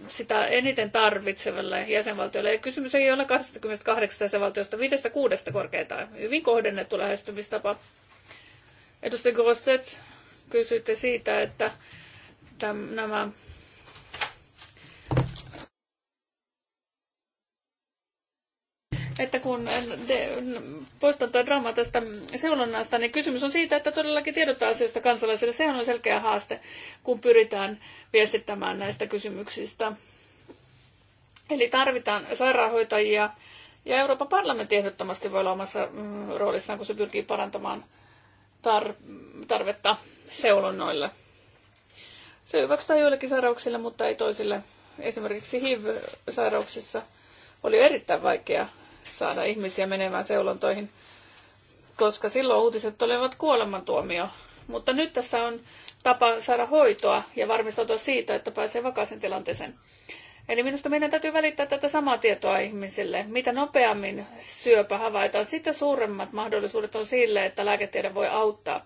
sitä eniten tarvitsevalle jäsenvaltiolle. Ja kysymys ei ole 28 jäsenvaltiosta, 5-6 korkeintaan. Hyvin kohdennettu lähestymistapa. Edustaja Grostet, kysyitte siitä, että täm, nämä että kun de, poistan tuo drama tästä seulonnasta, niin kysymys on siitä, että todellakin tiedottaa asioista kansalaisille. Sehän on selkeä haaste, kun pyritään viestittämään näistä kysymyksistä. Eli tarvitaan sairaanhoitajia, ja Euroopan parlamentti ehdottomasti voi olla omassa mm, roolissaan, kun se pyrkii parantamaan tar- tarvetta seulonnoille. Se hyväksytään joillekin sairauksille, mutta ei toisille. Esimerkiksi HIV-sairauksissa oli erittäin vaikea saada ihmisiä menemään seulontoihin, koska silloin uutiset olivat kuolemantuomio. Mutta nyt tässä on tapa saada hoitoa ja varmistautua siitä, että pääsee vakaisen tilanteeseen. Eli minusta meidän täytyy välittää tätä samaa tietoa ihmisille. Mitä nopeammin syöpä havaitaan, sitä suuremmat mahdollisuudet on sille, että lääketiede voi auttaa.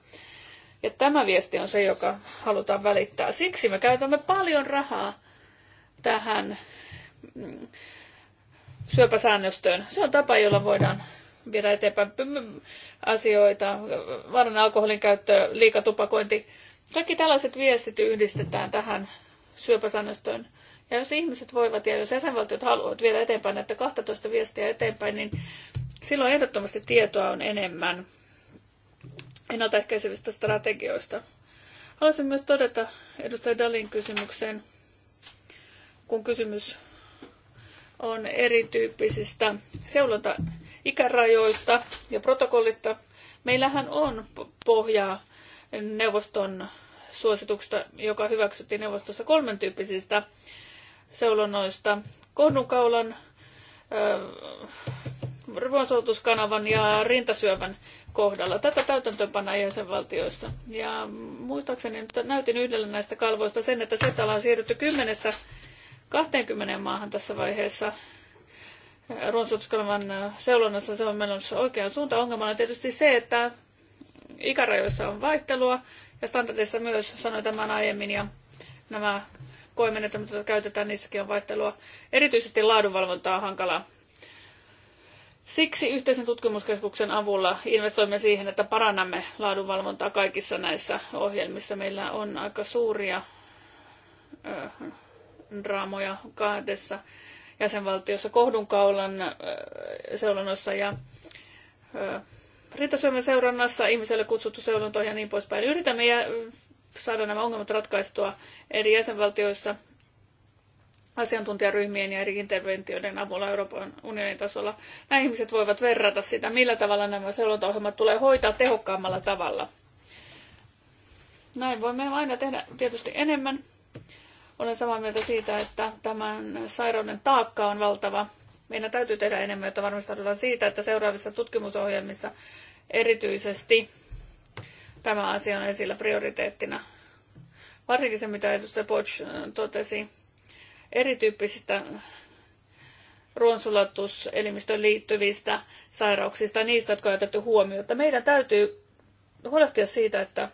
Ja tämä viesti on se, joka halutaan välittää. Siksi me käytämme paljon rahaa tähän mm, syöpäsäännöstöön. Se on tapa, jolla voidaan viedä eteenpäin asioita, vaaran alkoholin käyttö, liikatupakointi. Kaikki tällaiset viestit yhdistetään tähän syöpäsäännöstöön. Ja jos ihmiset voivat ja jos jäsenvaltiot haluavat viedä eteenpäin näitä 12 viestiä eteenpäin, niin silloin ehdottomasti tietoa on enemmän ennaltaehkäisevistä strategioista. Haluaisin myös todeta edustaja Dalin kysymykseen, kun kysymys on erityyppisistä seulontaikärajoista ja protokollista. Meillähän on pohjaa neuvoston suosituksesta, joka hyväksyttiin neuvostossa kolmen tyyppisistä seulonoista kohdunkaulan, ruoansoutuskanavan ja rintasyövän kohdalla. Tätä täytäntöönpannaan jäsenvaltioissa. Ja muistaakseni että näytin yhdellä näistä kalvoista sen, että Setalla on siirrytty 10 20 maahan tässä vaiheessa. Ruoansoutuskanavan seulonnassa se on menossa oikeaan suuntaan. Ongelmana on tietysti se, että ikärajoissa on vaihtelua ja standardissa myös, sanoin tämän aiemmin, ja nämä koemenetelmät, joita käytetään, niissäkin on vaihtelua. Erityisesti laadunvalvonta on hankalaa. Siksi yhteisen tutkimuskeskuksen avulla investoimme siihen, että parannamme laadunvalvontaa kaikissa näissä ohjelmissa. Meillä on aika suuria ö, draamoja kahdessa jäsenvaltiossa, kohdunkaulan ö, ja ö, rintasyövän seurannassa, ihmiselle kutsuttu seulontoihin ja niin poispäin. Yritämme saada nämä ongelmat ratkaistua eri jäsenvaltioissa asiantuntijaryhmien ja eri interventioiden avulla Euroopan unionin tasolla. Nämä ihmiset voivat verrata sitä, millä tavalla nämä selontaohjelmat tulee hoitaa tehokkaammalla tavalla. Näin voimme aina tehdä tietysti enemmän. Olen samaa mieltä siitä, että tämän sairauden taakka on valtava. Meidän täytyy tehdä enemmän, jotta varmistaudutaan siitä, että seuraavissa tutkimusohjelmissa erityisesti tämä asia on esillä prioriteettina. Varsinkin se, mitä edustaja Poch äh, totesi erityyppisistä ruoansulatuselimistön liittyvistä sairauksista, niistä, jotka on otettu huomioon. Meidän täytyy huolehtia siitä, että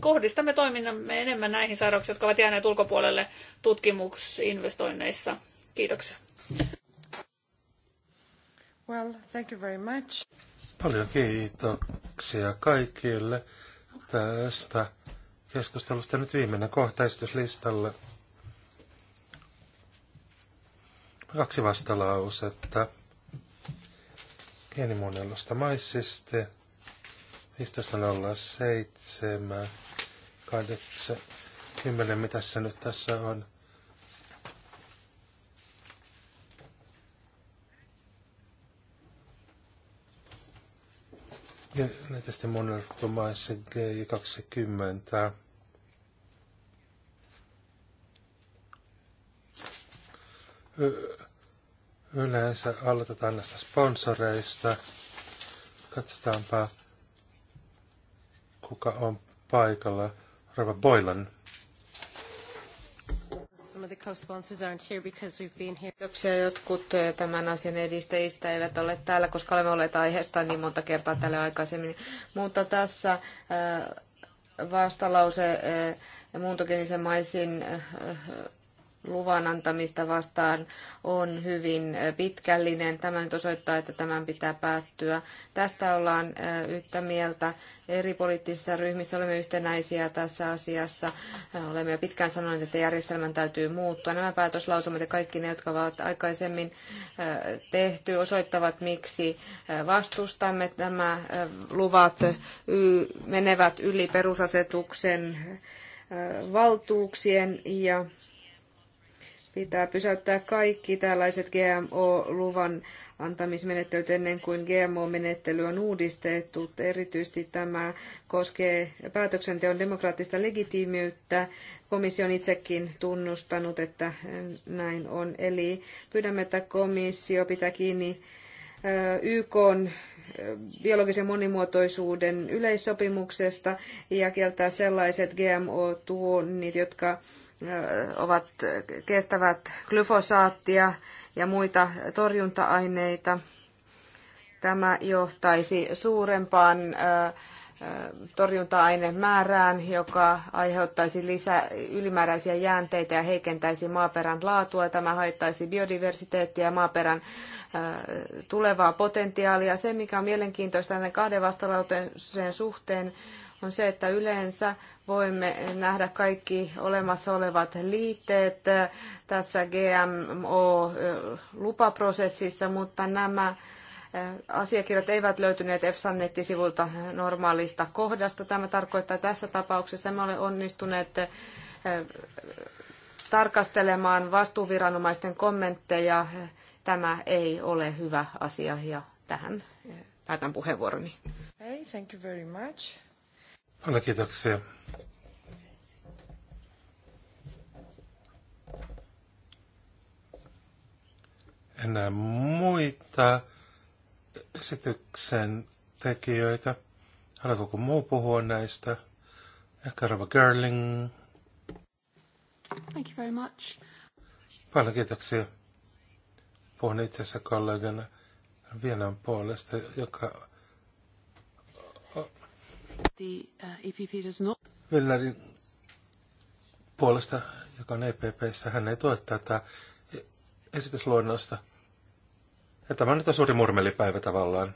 kohdistamme toiminnamme enemmän näihin sairauksiin, jotka ovat jääneet ulkopuolelle tutkimusinvestoinneissa. Kiitoksia. Well, thank you very much. Paljon kiitoksia kaikille tästä keskustelusta. Nyt viimeinen kohta esityslistalle. Kaksi vastalausetta. Geenimuunnellusta maissisti. 15.07. 8. 10. Mitä se nyt tässä on? näitä sitten maissa G20. yleensä aloitetaan näistä sponsoreista. Katsotaanpa, kuka on paikalla. Rova Boylan some of the co-sponsors aren't here because we've been here. Kiitoksia. Jotkut eh, tämän asian edistäjistä eivät ole täällä, koska olemme olleet aiheesta niin monta kertaa tällä aikaisemmin. Mutta tässä eh, vastalause eh, muuntogenisen maisin luvan antamista vastaan on hyvin pitkällinen. Tämä nyt osoittaa, että tämän pitää päättyä. Tästä ollaan yhtä mieltä. Eri poliittisissa ryhmissä olemme yhtenäisiä tässä asiassa. Olemme jo pitkään sanoneet, että järjestelmän täytyy muuttua. Nämä päätöslausumat ja kaikki ne, jotka ovat aikaisemmin tehty, osoittavat, miksi vastustamme. Nämä luvat menevät yli perusasetuksen valtuuksien ja Pitää pysäyttää kaikki tällaiset GMO-luvan antamismenettelyt ennen kuin GMO-menettely on uudistettu. Erityisesti tämä koskee päätöksenteon demokraattista legitiimiyttä. Komissio on itsekin tunnustanut, että näin on. Eli pyydämme, että komissio pitää kiinni YK on biologisen monimuotoisuuden yleissopimuksesta ja kieltää sellaiset GMO-tuonnit, jotka ovat, kestävät glyfosaattia ja muita torjunta-aineita. Tämä johtaisi suurempaan torjunta-ainemäärään, joka aiheuttaisi lisää ylimääräisiä jäänteitä ja heikentäisi maaperän laatua. Tämä haittaisi biodiversiteettiä ja maaperän tulevaa potentiaalia. Se, mikä on mielenkiintoista näiden kahden vastalauteen suhteen, on se, että yleensä voimme nähdä kaikki olemassa olevat liitteet tässä GMO-lupaprosessissa, mutta nämä asiakirjat eivät löytyneet EFSAn nettisivulta normaalista kohdasta. Tämä tarkoittaa että tässä tapauksessa me olemme onnistuneet tarkastelemaan vastuuviranomaisten kommentteja. Tämä ei ole hyvä asia ja tähän päätän puheenvuoroni. Hey, thank you very much. Paljon kiitoksia. enää muita esityksen tekijöitä. Haluaako joku muu puhua näistä? Ehkä Rova Gerling. Thank you very much. Paljon kiitoksia. Puhun itse asiassa kollegana Vienan puolesta, joka The uh, EPP does not... Villerin puolesta, joka on EPPssä, hän ei tue tätä esitysluonnosta. Ja tämä nyt on suuri murmelipäivä tavallaan.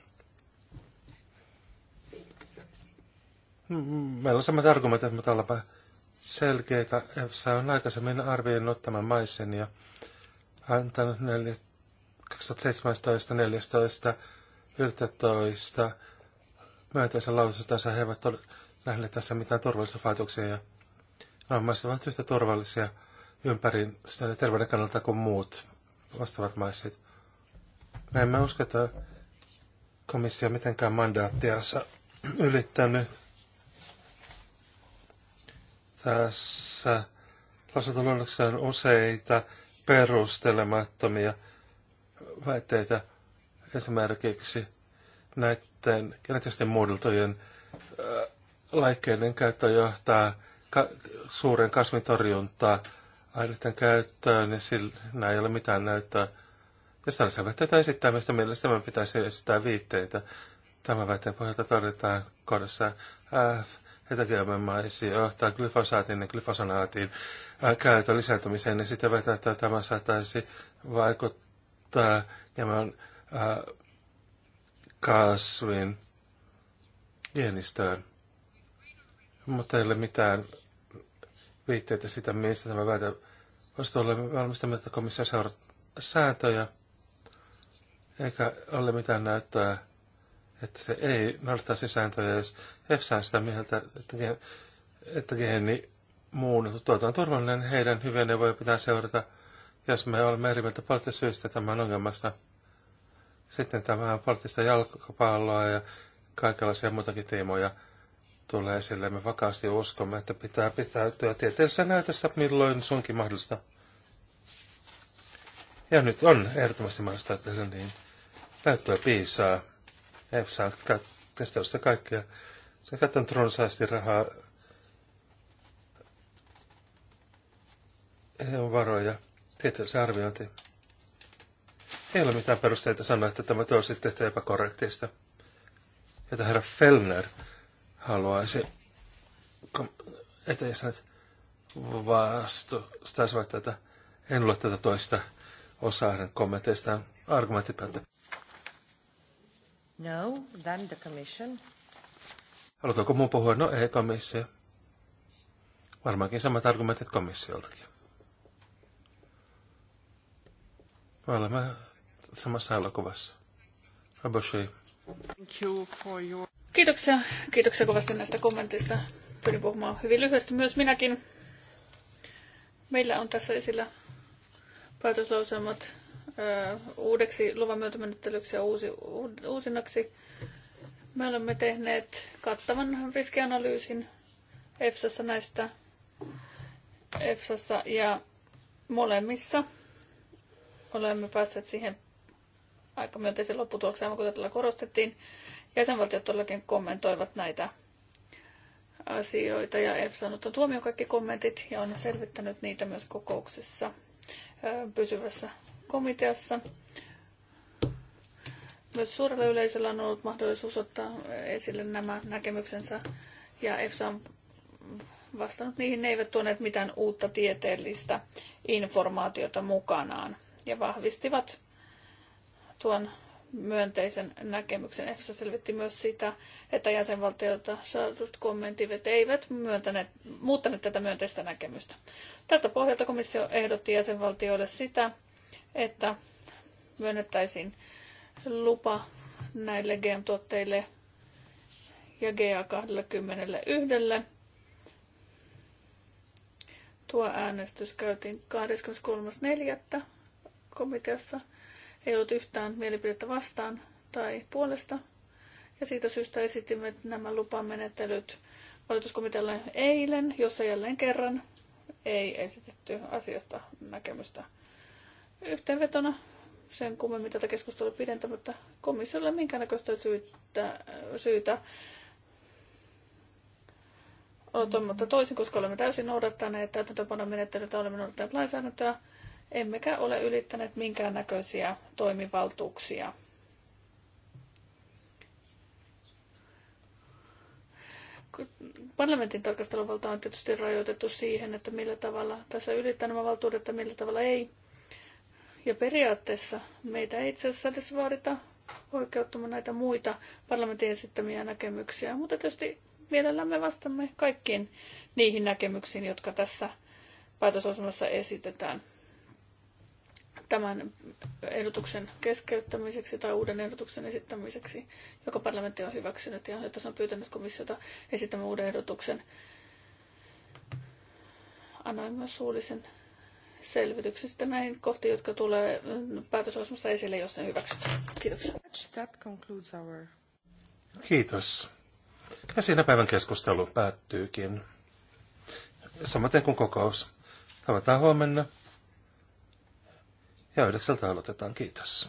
Mm-hmm. Meillä on samat argumentit, mutta ollaanpa selkeitä. EFSA on aikaisemmin arvioinut tämän maisen ja antanut 2017, 2014 11 myönteisen lausuntonsa. He eivät ole nähneet tässä mitään turvallisuusvaatuksia ja rammaiset ovat yhtä turvallisia ympäristön terveyden kannalta kuin muut vastaavat maiset. Me emme usko, että komissio mitenkään mandaattiansa ylittänyt. Tässä lausuntoluonnoksessa on useita perustelemattomia väitteitä esimerkiksi näitä näiden geneettisten muodeltojen laikkeiden käyttö johtaa ka- suuren kasvintorjuntaa aineiden käyttöön, niin sillä ei ole mitään näyttöä. Jos tällaisia väitteitä esittää, mistä mielestäni pitäisi esittää viitteitä. Tämän väitteen pohjalta todetaan kohdassa F, heterogeenimaisia johtaa glyfosaatin ja glyfosanaatin käytön lisääntymiseen, niin sitten väitetään, että tämä saattaisi vaikuttaa ja on kasvin geenistöön. Mutta ei ole mitään viitteitä sitä, mistä tämä väite vastuu olemme valmistamme, että komissio seuraa sääntöjä, eikä ole mitään näyttöä, että se ei noudattaisi sääntöjä, jos EFSA on sitä mieltä, että, ge- että geeni muunnettu tuota on turvallinen, heidän hyviä neuvoja pitää seurata, jos me olemme eri mieltä poliittisista syistä tämän ongelmasta – sitten tämä poliittista jalkapalloa ja kaikenlaisia muitakin teemoja tulee esille. Me vakaasti uskomme, että pitää pitäytyä tieteellisessä näytössä milloin sunkin mahdollista. Ja nyt on ehdottomasti mahdollista tehdä niin. Näyttöä piisaa. Ei saa testausta kaikkea. Se käyttänyt runsaasti rahaa EU-varoja tieteellisen arviointi. Ei ole mitään perusteita sanoa, että tämä toisi tehty epäkorrektista. Jota herra Fellner haluaisi eteen sanoa, että vaikka tätä. En lue tätä toista osaa hänen kommenteistaan argumenttipäältä. No, then the commission. Haluatko mun puhua? No ei komissio. Varmaankin samat argumentit komissioltakin. Me olemme samassa elokuvassa. Roboshi. Kiitoksia. Kiitoksia kovasti näistä kommenteista. Pyrin puhumaan hyvin lyhyesti myös minäkin. Meillä on tässä esillä päätöslauselmat uudeksi luvan myöntömenettelyksi ja uusi, uusinnaksi. Me olemme tehneet kattavan riskianalyysin EFSassa näistä EFSassa ja molemmissa olemme päässeet siihen aika myönteisen lopputuloksen, aivan kuten tällä korostettiin. Jäsenvaltiot todellakin kommentoivat näitä asioita ja EFSA on ottanut huomioon kaikki kommentit ja on selvittänyt niitä myös kokouksessa pysyvässä komiteassa. Myös suurella yleisöllä on ollut mahdollisuus ottaa esille nämä näkemyksensä ja EFSA on vastannut niihin. Ne eivät tuoneet mitään uutta tieteellistä informaatiota mukanaan ja vahvistivat tuon myönteisen näkemyksen. EFSA selvitti myös sitä, että jäsenvaltiolta saadut kommentit eivät myöntäneet, muuttaneet tätä myönteistä näkemystä. Tältä pohjalta komissio ehdotti jäsenvaltioille sitä, että myönnettäisiin lupa näille GM-tuotteille ja GA21. Tuo äänestys käytiin 23.4. komiteassa – ei ollut yhtään mielipidettä vastaan tai puolesta. Ja siitä syystä esitimme nämä lupamenettelyt valituskomitealle eilen, jossa jälleen kerran ei esitetty asiasta näkemystä yhteenvetona sen kummemmin tätä keskustelua pidentämättä komissiolle minkäännäköistä syytä, syytä odottamatta toisin, koska olemme täysin noudattaneet täytäntöönpanon menettelytä, olemme noudattaneet lainsäädäntöä emmekä ole ylittäneet minkäännäköisiä toimivaltuuksia. Parlamentin tarkasteluvalta on tietysti rajoitettu siihen, että millä tavalla tässä ylittää nämä valtuudet ja millä tavalla ei. Ja periaatteessa meitä ei itse asiassa edes vaadita oikeuttamaan näitä muita parlamentin esittämiä näkemyksiä, mutta tietysti mielellämme vastamme kaikkiin niihin näkemyksiin, jotka tässä päätösosumassa esitetään tämän ehdotuksen keskeyttämiseksi tai uuden ehdotuksen esittämiseksi, joka parlamentti on hyväksynyt ja jota se on pyytänyt komissiota esittämään uuden ehdotuksen. Annoin myös suullisen selvityksen sitten näihin kohtiin, jotka tulee päätösosmassa esille, jos ne hyväksytään. Kiitoksia. That concludes our... Kiitos. Ja siinä päivän keskustelu päättyykin. Samaten kuin kokous. Tavataan huomenna. Ja yhdeksältä aloitetaan. Kiitos.